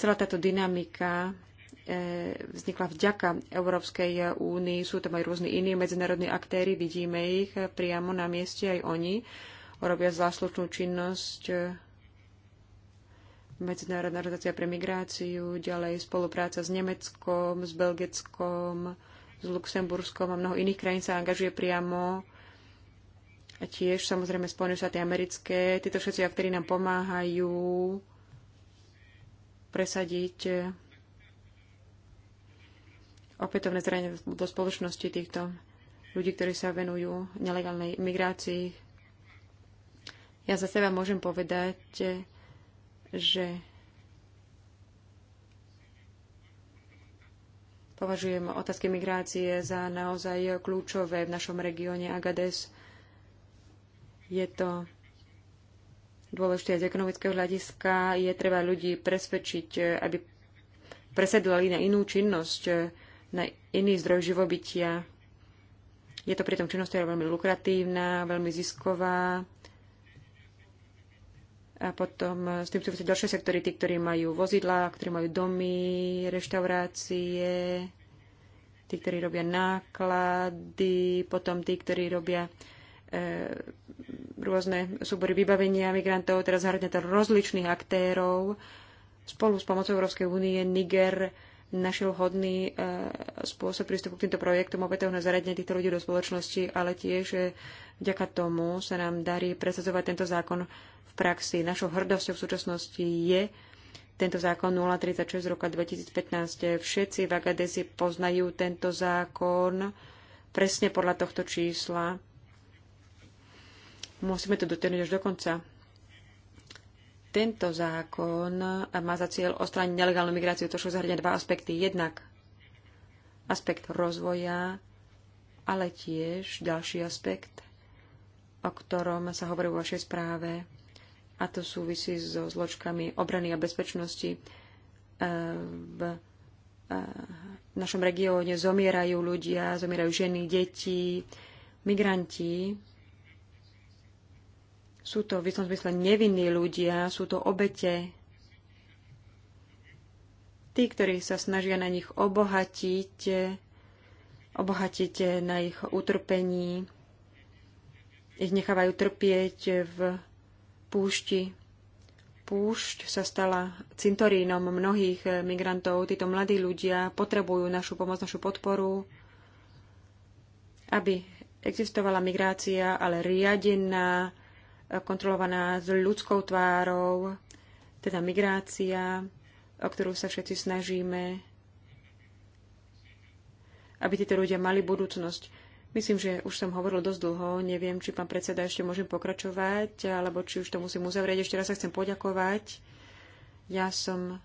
Celá táto dynamika Eh, vznikla vďaka Európskej únii. Sú tam aj rôzni iní medzinárodní aktéry, vidíme ich priamo na mieste, aj oni robia záslušnú činnosť. Medzinárodná organizácia pre migráciu, ďalej spolupráca s Nemeckom, s Belgickom, s Luxemburskom a mnoho iných krajín sa angažuje priamo. A tiež samozrejme Spojené štáty americké. Títo všetci aktéry nám pomáhajú presadiť opätovné zranie do spoločnosti týchto ľudí, ktorí sa venujú nelegálnej migrácii. Ja za seba môžem povedať, že považujem otázky migrácie za naozaj kľúčové v našom regióne Agades. Je to dôležité z ekonomického hľadiska. Je treba ľudí presvedčiť, aby presedlali na inú činnosť, na iný zdroj živobytia. Je to pri tom činnosti veľmi lukratívna, veľmi zisková. A potom s tým súvisí ďalšie sektory, tí, ktorí majú vozidla, ktorí majú domy, reštaurácie, tí, ktorí robia náklady, potom tí, ktorí robia e, rôzne súbory vybavenia migrantov, teraz zahrňa to rozličných aktérov. Spolu s pomocou Európskej únie Niger našiel hodný e, spôsob prístupu k týmto projektom, opätovné zaradenie týchto ľudí do spoločnosti, ale tiež e, vďaka tomu sa nám darí presadzovať tento zákon v praxi. Našou hrdosťou v súčasnosti je tento zákon 036 z roka 2015. Všetci v Agadezi poznajú tento zákon presne podľa tohto čísla. Musíme to dotiahnuť až do konca. Tento zákon má za cieľ ostrániť nelegálnu migráciu. To sú zahrania dva aspekty. Jednak aspekt rozvoja, ale tiež ďalší aspekt, o ktorom sa hovorí vo vašej správe, a to súvisí so zložkami obrany a bezpečnosti. E, v e, našom regióne zomierajú ľudia, zomierajú ženy, deti, migranti. Sú to v istom zmysle nevinní ľudia, sú to obete. Tí, ktorí sa snažia na nich obohatiť, obohatiť na ich utrpení, ich nechávajú trpieť v púšti. Púšť sa stala cintorínom mnohých migrantov. Títo mladí ľudia potrebujú našu pomoc, našu podporu, aby existovala migrácia, ale riadená, kontrolovaná s ľudskou tvárou, teda migrácia, o ktorú sa všetci snažíme, aby títo ľudia mali budúcnosť. Myslím, že už som hovoril dosť dlho, neviem, či pán predseda ešte môžem pokračovať, alebo či už to musím uzavrieť. Ešte raz sa chcem poďakovať. Ja som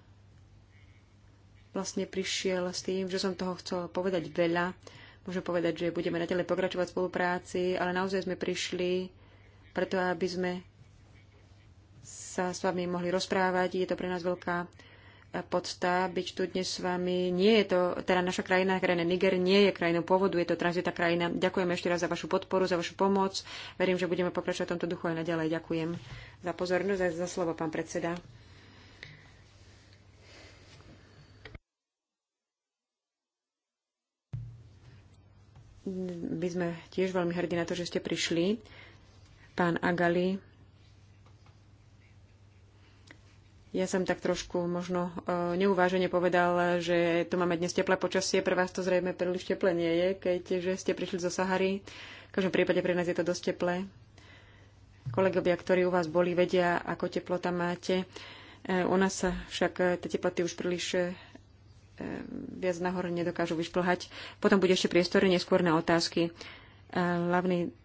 vlastne prišiel s tým, že som toho chcel povedať veľa. Môžem povedať, že budeme naďalej pokračovať v spolupráci, ale naozaj sme prišli preto aby sme sa s vami mohli rozprávať. Je to pre nás veľká eh, podsta byť tu dnes s vami. Nie je to, teda naša krajina, krajina Niger, nie je krajinou pôvodu, je to tranzita krajina. Ďakujem ešte raz za vašu podporu, za vašu pomoc. Verím, že budeme pokračovať v tomto duchu aj naďalej. Ďakujem za pozornosť a za slovo, pán predseda. My sme tiež veľmi hrdí na to, že ste prišli pán Agali. Ja som tak trošku možno e, neuvážene povedal, že tu máme dnes teplé počasie. Pre vás to zrejme príliš teplé nie je, keďže ste prišli zo Sahary. V každom prípade pre nás je to dosť teplé. Kolegovia, ktorí u vás boli, vedia, ako teplo tam máte. E, u nás sa však e, tie teploty už príliš viac nahor nedokážu vyšplhať. Potom bude ešte priestor neskôr na otázky. Hlavný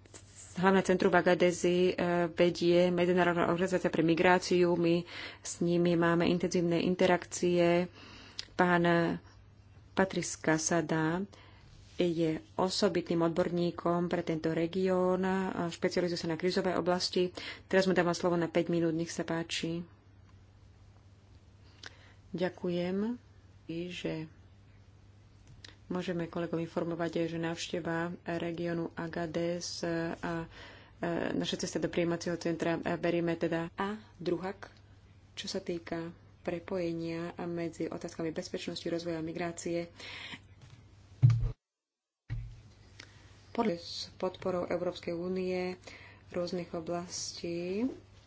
hlavné centrum v Agadezi e, vedie Medzinárodná organizácia pre migráciu. My s nimi máme intenzívne interakcie. Pán Patriska Sada je osobitným odborníkom pre tento región, špecializuje sa na krizové oblasti. Teraz mu dávam slovo na 5 minút, nech sa páči. Ďakujem, že Môžeme kolegov informovať, že návšteva regiónu Agades a naše cesta do prijímacieho centra berieme teda. A druhak, čo sa týka prepojenia medzi otázkami bezpečnosti, rozvoja a migrácie, podľa s podporou Európskej únie rôznych oblastí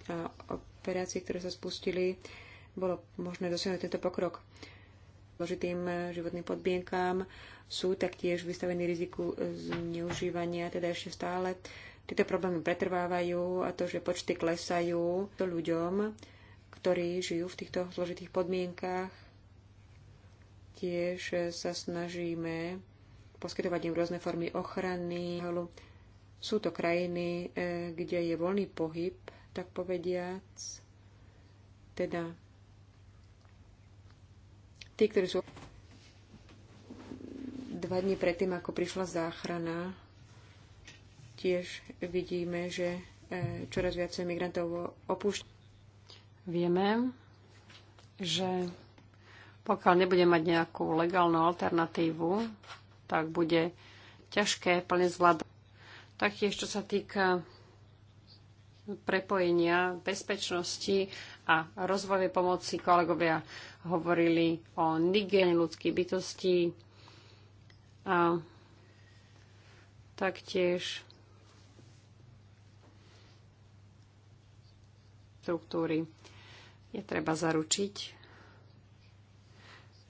a operácií, ktoré sa spustili, bolo možné dosiahnuť tento pokrok zložitým e, životným podmienkám, sú taktiež vystavení riziku e, zneužívania, teda ešte stále tieto problémy pretrvávajú a to, že počty klesajú to ľuďom, ktorí žijú v týchto zložitých podmienkách. Tiež e, sa snažíme poskytovať im rôzne formy ochrany. Sú to krajiny, kde je voľný pohyb, tak povediac, teda Tí, ktorí sú dva dní predtým, ako prišla záchrana, tiež vidíme, že e, čoraz viacej migrantov opúšťa. Vieme, že pokiaľ nebude mať nejakú legálnu alternatívu, tak bude ťažké plne zvládať. Taktiež, čo sa týka prepojenia bezpečnosti a rozvoje pomoci kolegovia hovorili o nigeň ľudských bytostí a taktiež štruktúry je treba zaručiť,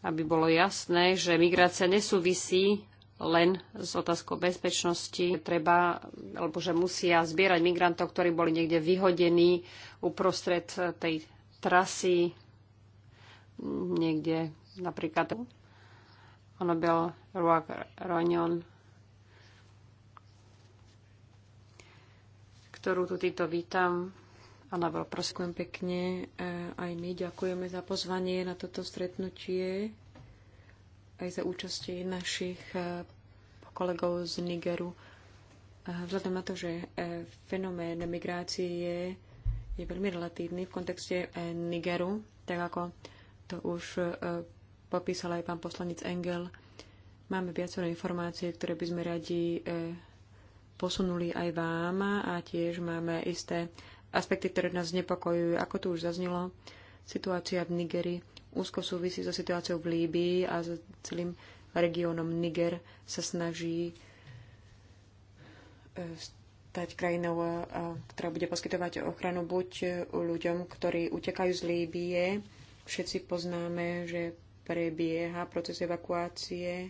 aby bolo jasné, že migrácia nesúvisí len s otázkou bezpečnosti. Treba, alebo že musia zbierať migrantov, ktorí boli niekde vyhodení uprostred tej trasy niekde napríklad byl Ruak Ronion, ktorú tu týto vítam. Anabel, prosím. Ďakujem pekne. E, aj my ďakujeme za pozvanie na toto stretnutie, aj za účasti našich e, kolegov z Nigeru. E, vzhľadom na to, že fenomén migrácie je, je veľmi relatívny v kontexte Nigeru, tak ako to už e, popísal aj pán poslanec Engel. Máme viacero informácie, ktoré by sme radi e, posunuli aj vám a tiež máme isté aspekty, ktoré nás znepokojujú. Ako tu už zaznelo, situácia v Nigeri úzko súvisí so situáciou v Líbii a s celým regiónom Niger sa snaží e, stať krajinou, ktorá bude poskytovať ochranu buď ľuďom, ktorí utekajú z Líbie, Všetci poznáme, že prebieha proces evakuácie.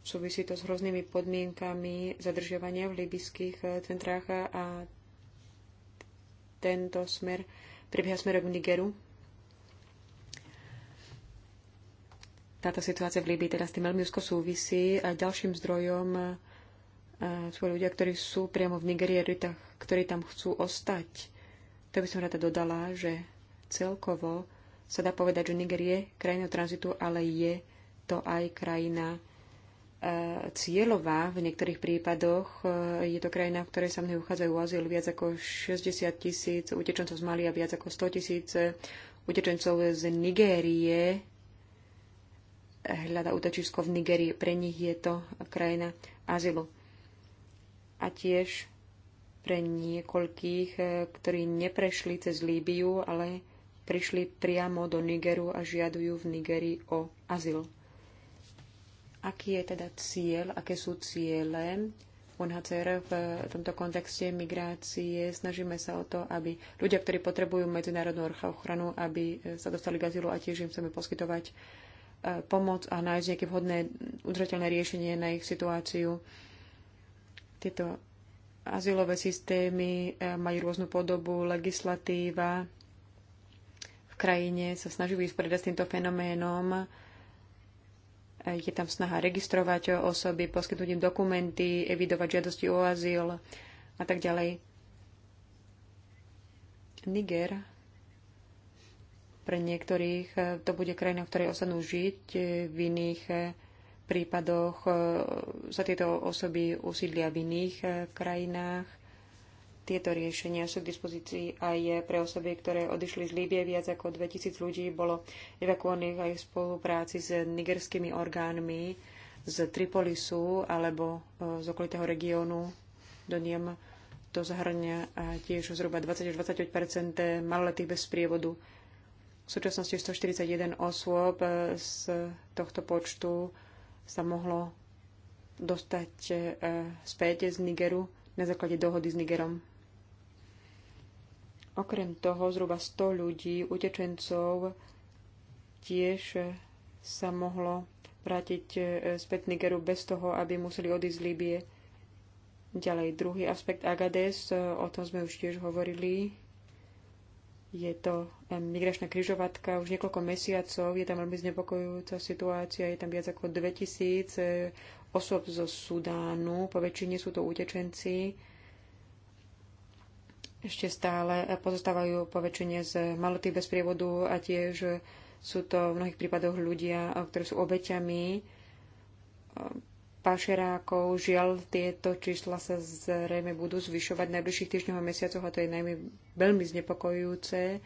Súvisí to s hroznými podmienkami zadržiavania v libyských eh, centrách a tento smer prebieha smer k Nigeru. Táto situácia v Libii teda s tým veľmi úzko súvisí a ďalším zdrojom eh, sú ľudia, ktorí sú priamo v Nigerii, ktorí tam chcú ostať to by som rada dodala, že celkovo sa dá povedať, že Niger je krajinou tranzitu, ale je to aj krajina e, cieľová. V niektorých prípadoch e, je to krajina, v ktorej sa mne uchádzajú o azyl viac ako 60 tisíc utečencov z Mali a viac ako 100 tisíc e, utečencov z Nigérie hľada útočisko v Nigerii. Pre nich je to krajina azylu. A tiež pre niekoľkých, e, ktorí neprešli cez Líbiu, ale prišli priamo do Nigeru a žiadujú v Nigerii o azyl. Aký je teda cieľ, aké sú ciele UNHCR v tomto kontexte migrácie? Snažíme sa o to, aby ľudia, ktorí potrebujú medzinárodnú ochranu, aby e, sa dostali k azylu a tiež im chceme poskytovať e, pomoc a nájsť nejaké vhodné, udržateľné riešenie na ich situáciu. Tieto azylové systémy e, majú rôznu podobu, legislatíva v krajine sa snaží vysporiadať s týmto fenoménom. E, je tam snaha registrovať osoby, poskytnúť im dokumenty, evidovať žiadosti o azyl a tak ďalej. Niger pre niektorých e, to bude krajina, v ktorej osadnú žiť, v iných prípadoch e, sa tieto osoby usídlia v iných e, krajinách. Tieto riešenia sú k dispozícii aj pre osoby, ktoré odišli z Líbie. Viac ako 2000 ľudí bolo evakuovaných aj v spolupráci s nigerskými orgánmi z Tripolisu alebo e, z okolitého regiónu do Niem. To zahrňa tiež zhruba 20 až 25 maloletých bez prievodu. V súčasnosti 141 osôb z tohto počtu sa mohlo dostať e, späť z Nigeru na základe dohody s Nigerom. Okrem toho zhruba 100 ľudí, utečencov, tiež sa mohlo vrátiť e, späť Nigeru bez toho, aby museli odísť z Líbie. Ďalej druhý aspekt Agades, e, o tom sme už tiež hovorili. Je to migračná križovatka už niekoľko mesiacov, je tam veľmi znepokojujúca situácia, je tam viac ako 2000 e, osob zo Sudánu, po väčšine sú to utečenci. Ešte stále pozostávajú po väčšine z maloty bez prievodu a tiež sú to v mnohých prípadoch ľudia, ktorí sú obeťami pašerákov. Žiaľ, tieto čísla sa zrejme budú zvyšovať v najbližších týždňoch a mesiacoch a to je najmä veľmi znepokojujúce.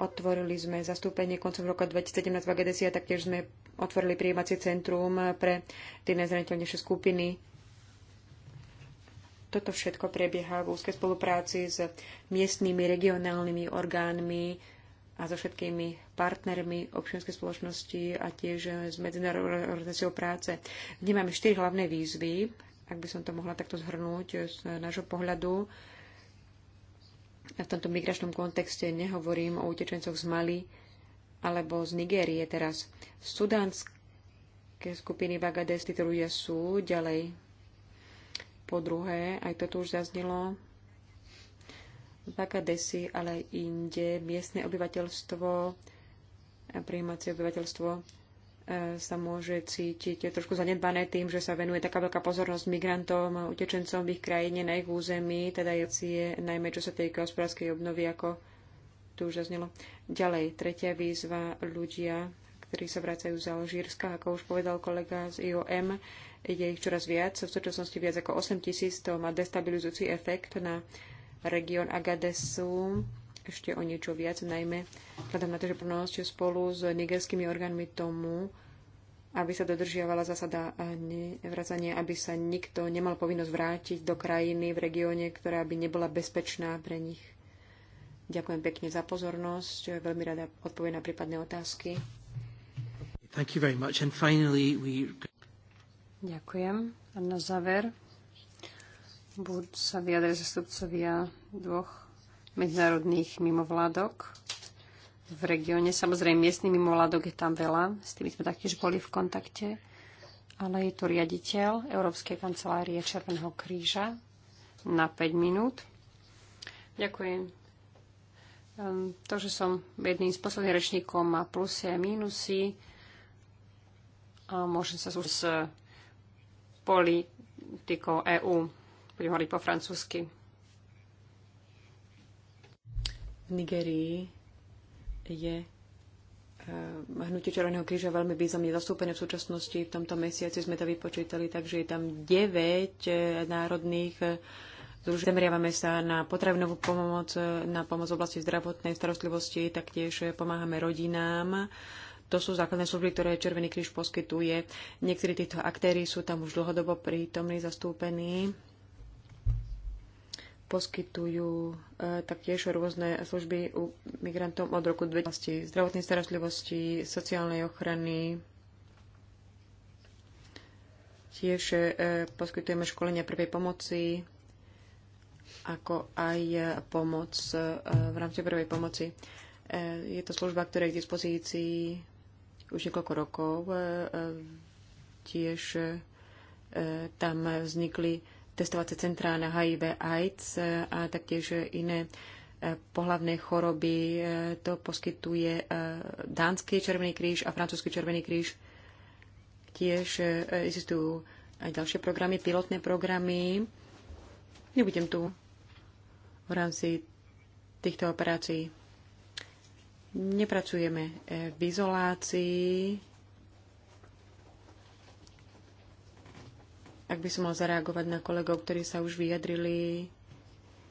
Otvorili sme zastúpenie koncom roka 2017 v Agedesi a taktiež sme otvorili prijímacie centrum pre tie najzraniteľnejšie skupiny. Toto všetko prebieha v úzkej spolupráci s miestnymi regionálnymi orgánmi, a so všetkými partnermi občianskej spoločnosti a tiež s Medzinárodnou organizáciou práce. Vnímame štyri hlavné výzvy, ak by som to mohla takto zhrnúť z nášho pohľadu. A v tomto migračnom kontexte nehovorím o utečencoch z Mali alebo z Nigérie teraz. Sudánske skupiny Vagades títo ľudia sú ďalej. Po druhé, aj toto už zaznelo, v ale aj inde miestne obyvateľstvo, príjímacie obyvateľstvo e, sa môže cítiť trošku zanedbané tým, že sa venuje taká veľká pozornosť migrantom a utečencom v ich krajine, na ich území, teda je najmä čo sa týka hospodárskej obnovy, ako tu už zaznelo. Ďalej, tretia výzva ľudia, ktorí sa vracajú z Alžírska, ako už povedal kolega z IOM, je ich čoraz viac, v súčasnosti viac ako 8 tisíc, to má destabilizujúci efekt na región Agadesu ešte o niečo viac, najmä vzhľadom na to, že plnohostiel spolu s nigerskými orgánmi tomu, aby sa dodržiavala zásada vracania, aby sa nikto nemal povinnosť vrátiť do krajiny v regióne, ktorá by nebola bezpečná pre nich. Ďakujem pekne za pozornosť. Veľmi rada odpoviem na prípadné otázky. Thank you very much. And finally we... Ďakujem. A na záver budú sa vyjadrať zastupcovia dvoch medzinárodných mimovládok v regióne. Samozrejme, miestny mimovládok je tam veľa, s tými sme taktiež boli v kontakte, ale je tu riaditeľ Európskej kancelárie Červeného kríža na 5 minút. Ďakujem. Ehm, to, že som jedným z posledných rečníkov, má plusy a mínusy. A môžem sa sústrediť s politikou EÚ. Budem hovoriť po francúzsky. V Nigerii je eh, hnutie Červeného kríža veľmi významne zastúpené v súčasnosti. V tomto mesiaci sme to vypočítali, takže je tam 9 eh, národných eh, združení. Zameriavame sa na potravinovú pomoc, na pomoc v oblasti zdravotnej starostlivosti, taktiež pomáhame rodinám. To sú základné služby, ktoré Červený kríž poskytuje. Niektorí títo aktéry sú tam už dlhodobo prítomní, zastúpení poskytujú e, taktiež rôzne služby u migrantom od roku 2020. zdravotnej starostlivosti, sociálnej ochrany. Tiež e, poskytujeme školenia prvej pomoci, ako aj e, pomoc v rámci prvej pomoci. Je to služba, ktorá je k dispozícii už niekoľko rokov. Tiež tam vznikli testovacie centrá na HIV AIDS a taktiež iné e, pohlavné choroby. E, to poskytuje e, Dánsky Červený kríž a Francúzsky Červený kríž. Tiež existujú aj ďalšie programy, pilotné programy. Nebudem tu v rámci týchto operácií. Nepracujeme v izolácii, Ak by som mal zareagovať na kolegov, ktorí sa už vyjadrili,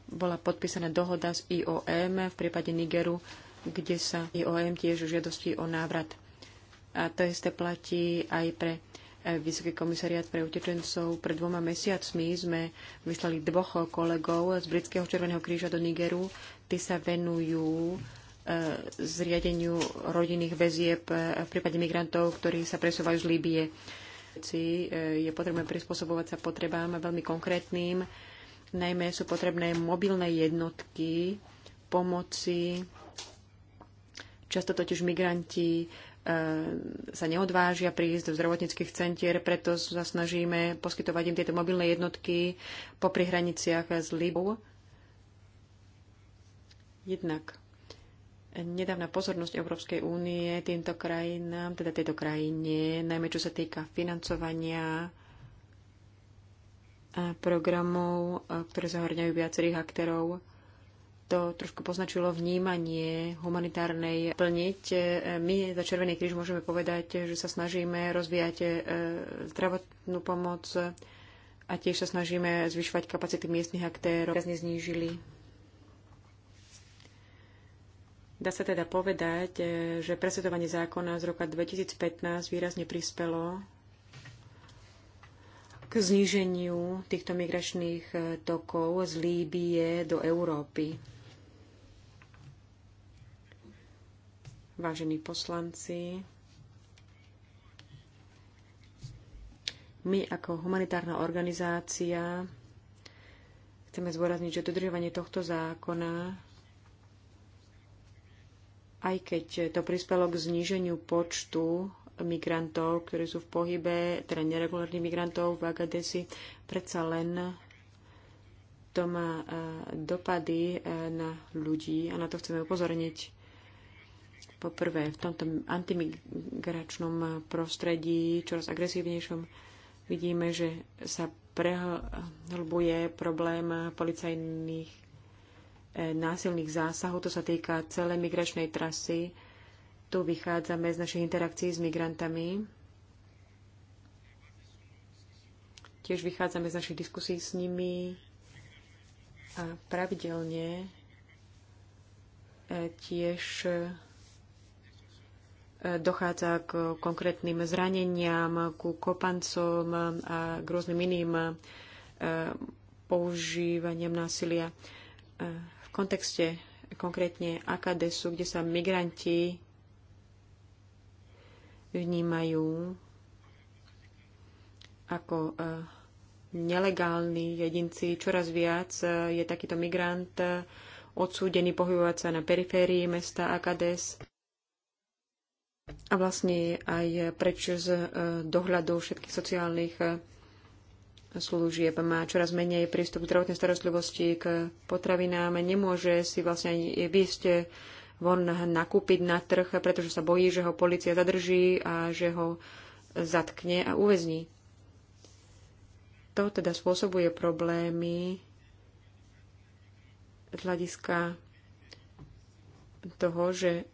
bola podpísaná dohoda s IOM v prípade Nigeru, kde sa IOM tiež už žiadosti o návrat. A to isté platí aj pre eh, Vysoký komisariat pre utečencov. Pred dvoma mesiacmi sme vyslali dvoch kolegov z Britského Červeného kríža do Nigeru. Tí sa venujú eh, zriadeniu rodinných väzieb eh, v prípade migrantov, ktorí sa presúvajú z Líbie akcií e, je potrebné prispôsobovať sa potrebám veľmi konkrétnym. Najmä sú potrebné mobilné jednotky pomoci. Často totiž migranti e, sa neodvážia prísť do zdravotníckých centier, preto sa snažíme poskytovať im tieto mobilné jednotky po prihraniciach s Libou. Jednak nedávna pozornosť Európskej únie týmto krajinám, teda tejto krajine, najmä čo sa týka financovania a programov, ktoré zahrňajú viacerých aktérov, to trošku poznačilo vnímanie humanitárnej plniť. My za Červený kríž môžeme povedať, že sa snažíme rozvíjať e, zdravotnú pomoc a tiež sa snažíme zvyšovať kapacity miestnych aktérov, ktoré znižili Dá sa teda povedať, e, že presvedovanie zákona z roka 2015 výrazne prispelo k zníženiu týchto migračných e, tokov z Líbie do Európy. Vážení poslanci, my ako humanitárna organizácia chceme zvorazniť, že dodržovanie tohto zákona aj keď to prispelo k zníženiu počtu migrantov, ktorí sú v pohybe, teda neregulárnych migrantov v Agadesi, predsa len to má e, dopady e, na ľudí a na to chceme upozorniť. poprvé v tomto antimigračnom prostredí, čoraz agresívnejšom, vidíme, že sa prehlbuje problém policajných násilných zásahov. To sa týka celej migračnej trasy. Tu vychádzame z našich interakcií s migrantami. Tiež vychádzame z našich diskusí s nimi a pravidelne e, tiež e, dochádza k konkrétnym zraneniam, ku kopancom a k rôznym iným e, používaniam násilia kontexte konkrétne Akadesu, kde sa migranti vnímajú ako e, nelegálni jedinci. Čoraz viac e, je takýto migrant e, odsúdený pohybovať sa na periférii mesta Akades a vlastne aj preč z dohľadu všetkých sociálnych služieb má čoraz menej prístup k zdravotnej starostlivosti, k potravinám, nemôže si vlastne ani výsť von nakúpiť na trh, pretože sa bojí, že ho policia zadrží a že ho zatkne a uväzní. To teda spôsobuje problémy z hľadiska toho, že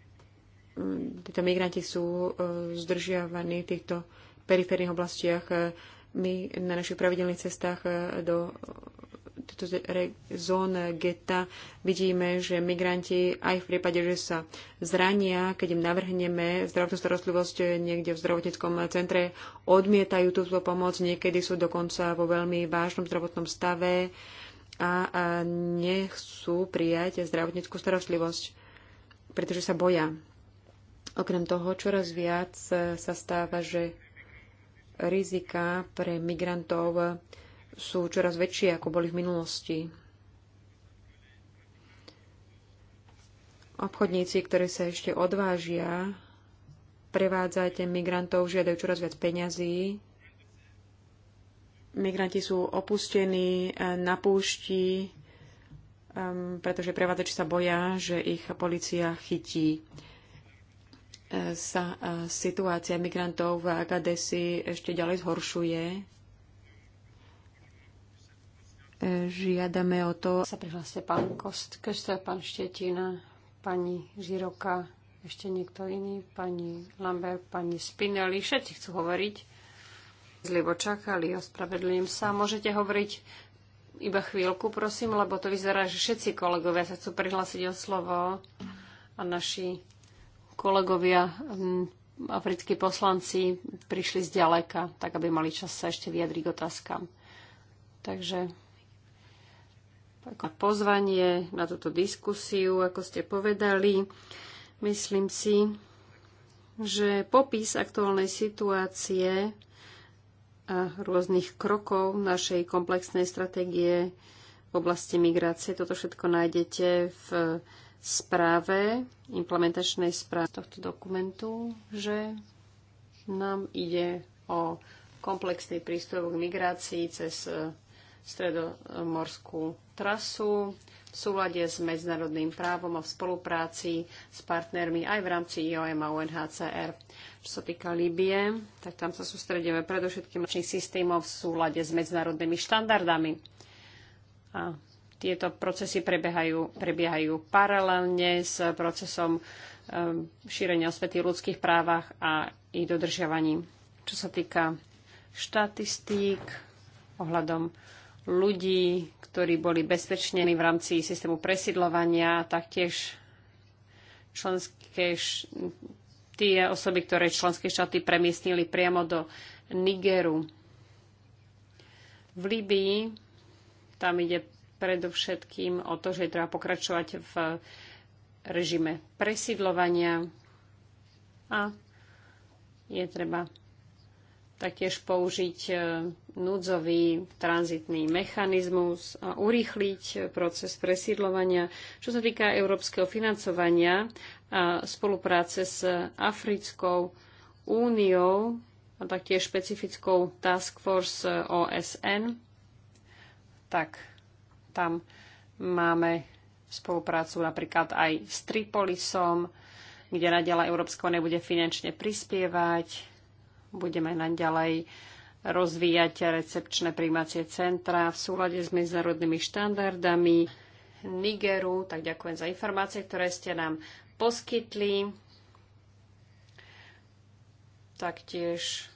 mm, títo migranti sú e, zdržiavaní v týchto periférnych oblastiach my na našich pravidelných cestách e, do tejto zóny geta vidíme, že migranti aj v prípade, že sa zrania, keď im navrhneme zdravotnú starostlivosť e, niekde v zdravotníckom centre, odmietajú túto pomoc, niekedy sú dokonca vo veľmi vážnom zdravotnom stave a, a nechcú prijať zdravotníckú starostlivosť, pretože sa boja. Okrem toho, čoraz viac e, sa stáva, že rizika pre migrantov sú čoraz väčšie, ako boli v minulosti. Obchodníci, ktorí sa ešte odvážia prevádzať migrantov, žiadajú čoraz viac peňazí. Migranti sú opustení eh, na púšti, pretože prevádzači sa boja, že ich policia chytí sa e, situácia migrantov v Agadesi ešte ďalej zhoršuje. E, žiadame o to. Sa prihláste pán Kost, pán Štetina, pani Žiroka, ešte niekto iný, pani Lambert, pani Spinelli, všetci chcú hovoriť. Zlivo čakali, ospravedlňujem sa. Môžete hovoriť iba chvíľku, prosím, lebo to vyzerá, že všetci kolegovia sa chcú prihlásiť o slovo a naši kolegovia, africkí poslanci prišli z ďaleka, tak aby mali čas sa ešte vyjadriť k otázkam. Takže ako pozvanie na túto diskusiu, ako ste povedali, myslím si, že popis aktuálnej situácie a rôznych krokov našej komplexnej stratégie v oblasti migrácie, toto všetko nájdete v správe, implementačnej správe tohto dokumentu, že nám ide o komplexný prístup k migrácii cez e, stredomorskú trasu v súlade s medzinárodným právom a v spolupráci s partnermi aj v rámci IOM a UNHCR. Čo sa týka Libie, tak tam sa sústredíme predovšetkým našich systémov v súlade s medzinárodnými štandardami. A tieto procesy prebiehajú, prebiehajú paralelne s procesom e, šírenia osvety v ľudských právach a ich dodržiavaním. Čo sa týka štatistík ohľadom ľudí, ktorí boli bezpečnení v rámci systému presidlovania, taktiež členské š- tie osoby, ktoré členské štáty premiestnili priamo do Nigeru. V Líbii tam ide predovšetkým o to, že treba pokračovať v režime presídlovania a je treba taktiež použiť e, núdzový tranzitný mechanizmus a urýchliť proces presídlovania. Čo sa týka európskeho financovania a spolupráce s Africkou úniou a taktiež špecifickou task force e, OSN, tak tam máme spoluprácu napríklad aj s Tripolisom, kde naďalej Európska únia bude finančne prispievať. Budeme naďalej rozvíjať recepčné príjmacie centra v súlade s medzinárodnými štandardami Nigeru. Tak ďakujem za informácie, ktoré ste nám poskytli. Taktiež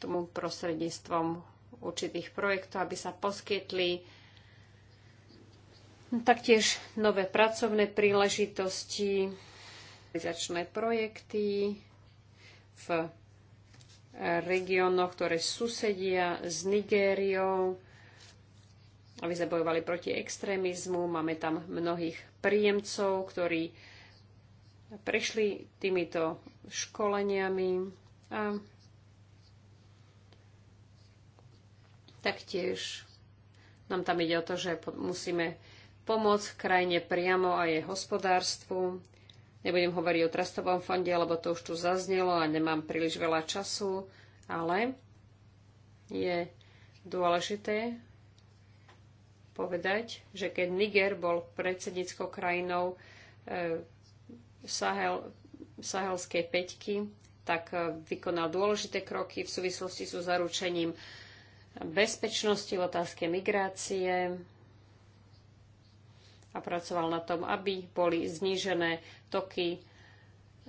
tomu prostredníctvom určitých projektov, aby sa poskytli Taktiež nové pracovné príležitosti, realizačné projekty v regiónoch, ktoré susedia s Nigériou, aby sa bojovali proti extrémizmu. Máme tam mnohých príjemcov, ktorí prešli týmito školeniami a taktiež nám tam ide o to, že musíme pomoc krajine priamo a jej hospodárstvu. Nebudem hovoriť o trastovom fonde, lebo to už tu zaznelo a nemám príliš veľa času, ale je dôležité povedať, že keď Niger bol predsedníckou krajinou e, Sahel, Sahelskej peťky, tak e, vykonal dôležité kroky v súvislosti so zaručením bezpečnosti v otázke migrácie, a pracoval na tom, aby boli znížené toky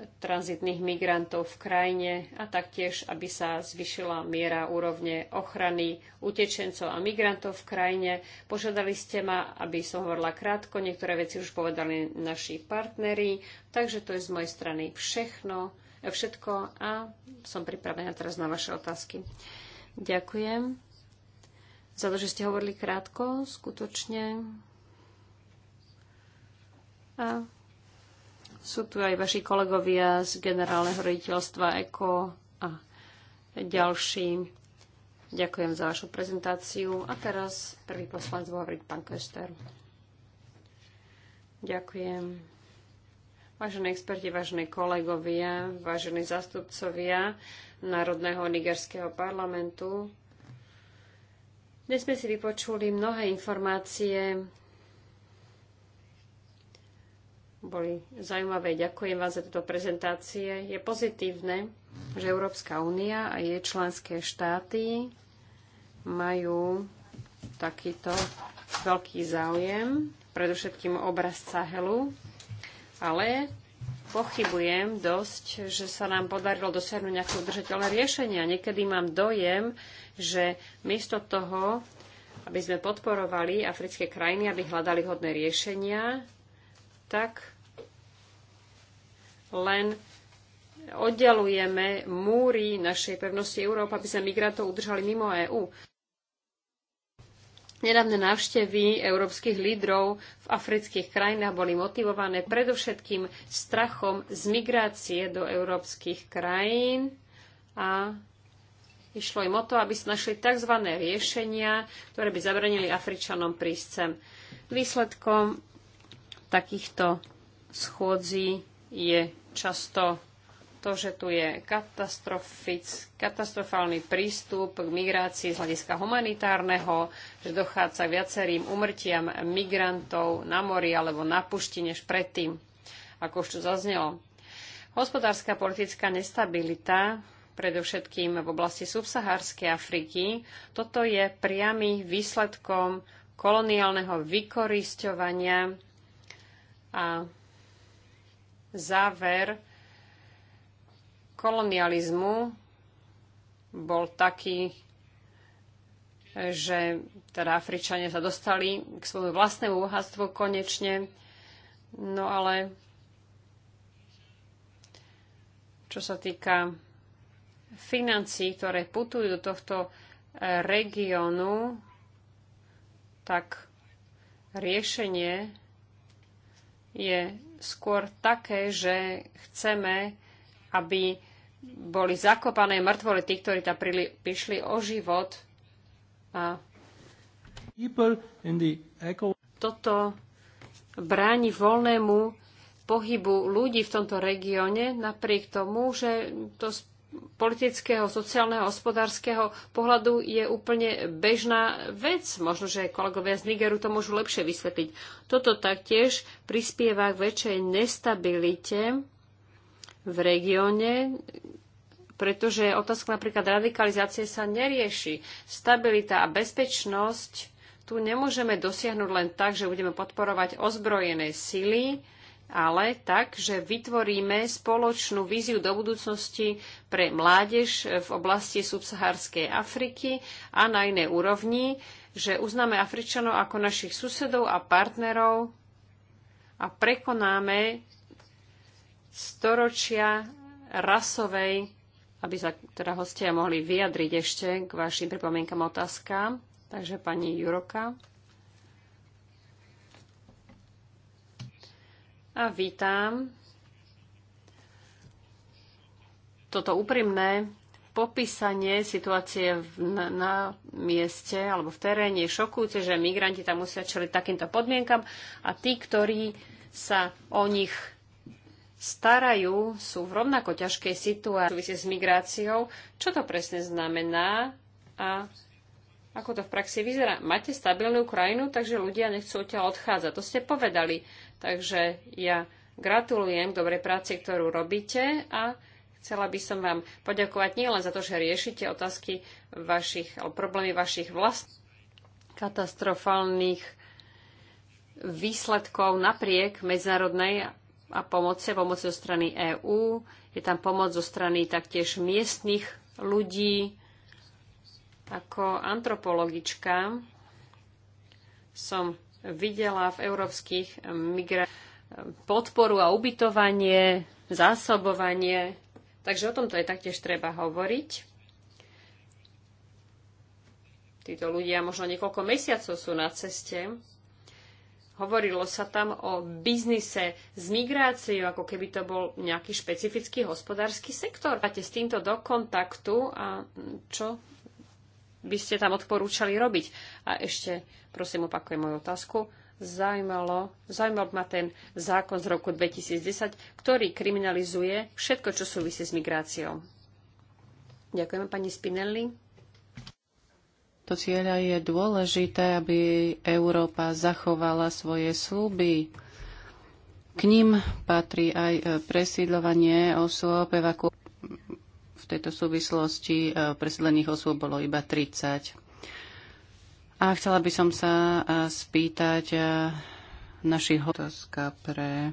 tranzitných migrantov v krajine a taktiež, aby sa zvyšila miera úrovne ochrany utečencov a migrantov v krajine. Požiadali ste ma, aby som hovorila krátko, niektoré veci už povedali naši partneri, takže to je z mojej strany všechno, všetko a som pripravená teraz na vaše otázky. Ďakujem za to, že ste hovorili krátko, skutočne. A sú tu aj vaši kolegovia z generálneho rediteľstva ECO a ďalší. Ďakujem za vašu prezentáciu. A teraz prvý poslanec hovoriť pán Köster. Ďakujem. Vážení experti, vážení kolegovia, vážení zastupcovia Národného nigerského parlamentu, dnes sme si vypočuli mnohé informácie boli zaujímavé. Ďakujem vám za tieto prezentácie. Je pozitívne, že Európska únia a jej členské štáty majú takýto veľký záujem, predovšetkým obraz Sahelu, ale pochybujem dosť, že sa nám podarilo dosiahnuť nejaké udržateľné riešenia. Niekedy mám dojem, že miesto toho, aby sme podporovali africké krajiny, aby hľadali hodné riešenia, tak len oddelujeme múry našej pevnosti Európa, aby sme migrantov udržali mimo EÚ. Nedávne návštevy európskych lídrov v afrických krajinách boli motivované predovšetkým strachom z migrácie do európskych krajín a išlo im o to, aby sa našli tzv. riešenia, ktoré by zabranili Afričanom prísť sem. Výsledkom takýchto schôdzí je často to, že tu je katastrofálny prístup k migrácii z hľadiska humanitárneho, že dochádza k viacerým umrtiam migrantov na mori alebo na pušti než predtým, ako už tu zaznelo. Hospodárska politická nestabilita, predovšetkým v oblasti subsahárskej Afriky, toto je priamy výsledkom koloniálneho vykorisťovania a záver kolonializmu bol taký, že teda Afričania sa dostali k svojmu vlastnému bohatstvu konečne. No ale čo sa týka financí, ktoré putujú do tohto regiónu, tak riešenie je skôr také, že chceme, aby boli zakopané mŕtvoly tí, ktorí tam prišli o život. A toto bráni voľnému pohybu ľudí v tomto regióne, napriek tomu, že to politického, sociálneho, hospodárskeho pohľadu je úplne bežná vec. Možno, že kolegovia z Nigeru to môžu lepšie vysvetliť. Toto taktiež prispieva k väčšej nestabilite v regióne, pretože otázka napríklad radikalizácie sa nerieši. Stabilita a bezpečnosť tu nemôžeme dosiahnuť len tak, že budeme podporovať ozbrojené sily, ale tak, že vytvoríme spoločnú víziu do budúcnosti pre mládež v oblasti subsahárskej Afriky a na inej úrovni, že uznáme Afričanov ako našich susedov a partnerov a prekonáme storočia rasovej, aby sa teda hostia mohli vyjadriť ešte k vašim pripomienkam otázkám. Takže pani Juroka. a vítam toto úprimné popísanie situácie na, na mieste alebo v teréne je šokujúce, že migranti tam musia čeliť takýmto podmienkam a tí, ktorí sa o nich starajú, sú v rovnako ťažkej situácii s migráciou. Čo to presne znamená a ako to v praxi vyzerá? Máte stabilnú krajinu, takže ľudia nechcú odtiaľ odchádzať. To ste povedali. Takže ja gratulujem k dobrej práci, ktorú robíte a chcela by som vám poďakovať nielen za to, že riešite otázky vašich, problémy vašich vlastných katastrofálnych výsledkov napriek medzinárodnej a pomoci, pomoci zo strany EÚ. Je tam pomoc zo strany taktiež miestnych ľudí. Ako antropologička som videla v európskych eh, migráciách podporu a ubytovanie, zásobovanie. Takže o tomto je taktiež treba hovoriť. Títo ľudia možno niekoľko mesiacov sú na ceste. Hovorilo sa tam o biznise s migráciou, ako keby to bol nejaký špecifický hospodársky sektor. Máte s týmto do kontaktu a čo by ste tam odporúčali robiť? A ešte, prosím, opakujem moju otázku. Zajímalo, zaujímal ma ten zákon z roku 2010, ktorý kriminalizuje všetko, čo súvisí s migráciou. Ďakujeme pani Spinelli. To cieľa je dôležité, aby Európa zachovala svoje slúby. K ním patrí aj e, presídľovanie osôb, evakuácia tejto súvislosti e, presídlených osôb bolo iba 30. A chcela by som sa e, spýtať e, našich otázka pre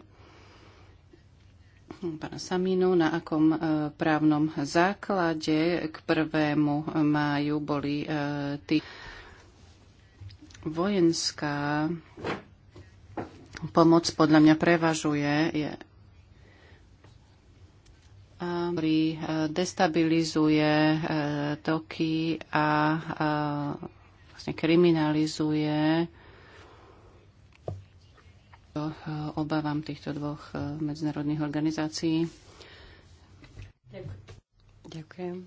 pána Saminu, na akom právnom základe k 1. máju boli tí vojenská pomoc podľa mňa prevažuje, je ktorý eh, destabilizuje eh, toky a eh, vlastne kriminalizuje obávam týchto dvoch medzinárodných organizácií. Ďakujem.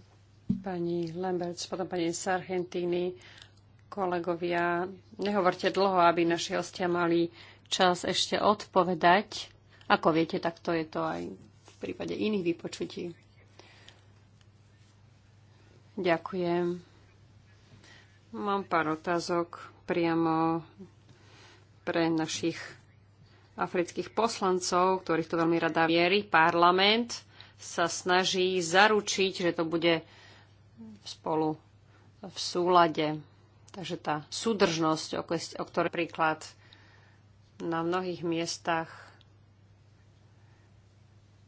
Pani Lambert, potom pani Sargentini, kolegovia, nehovorte dlho, aby naši hostia mali čas ešte odpovedať. Ako viete, tak to je to aj prípade iných vypočutí. Ďakujem. Mám pár otázok priamo pre našich afrických poslancov, ktorých to veľmi rada vierí. Parlament sa snaží zaručiť, že to bude spolu v súlade. Takže tá súdržnosť, o ktorej príklad na mnohých miestach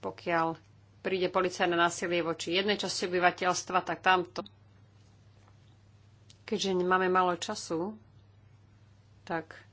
pokiaľ príde policajné násilie voči jednej časti obyvateľstva, tak tamto. Keďže máme málo času, tak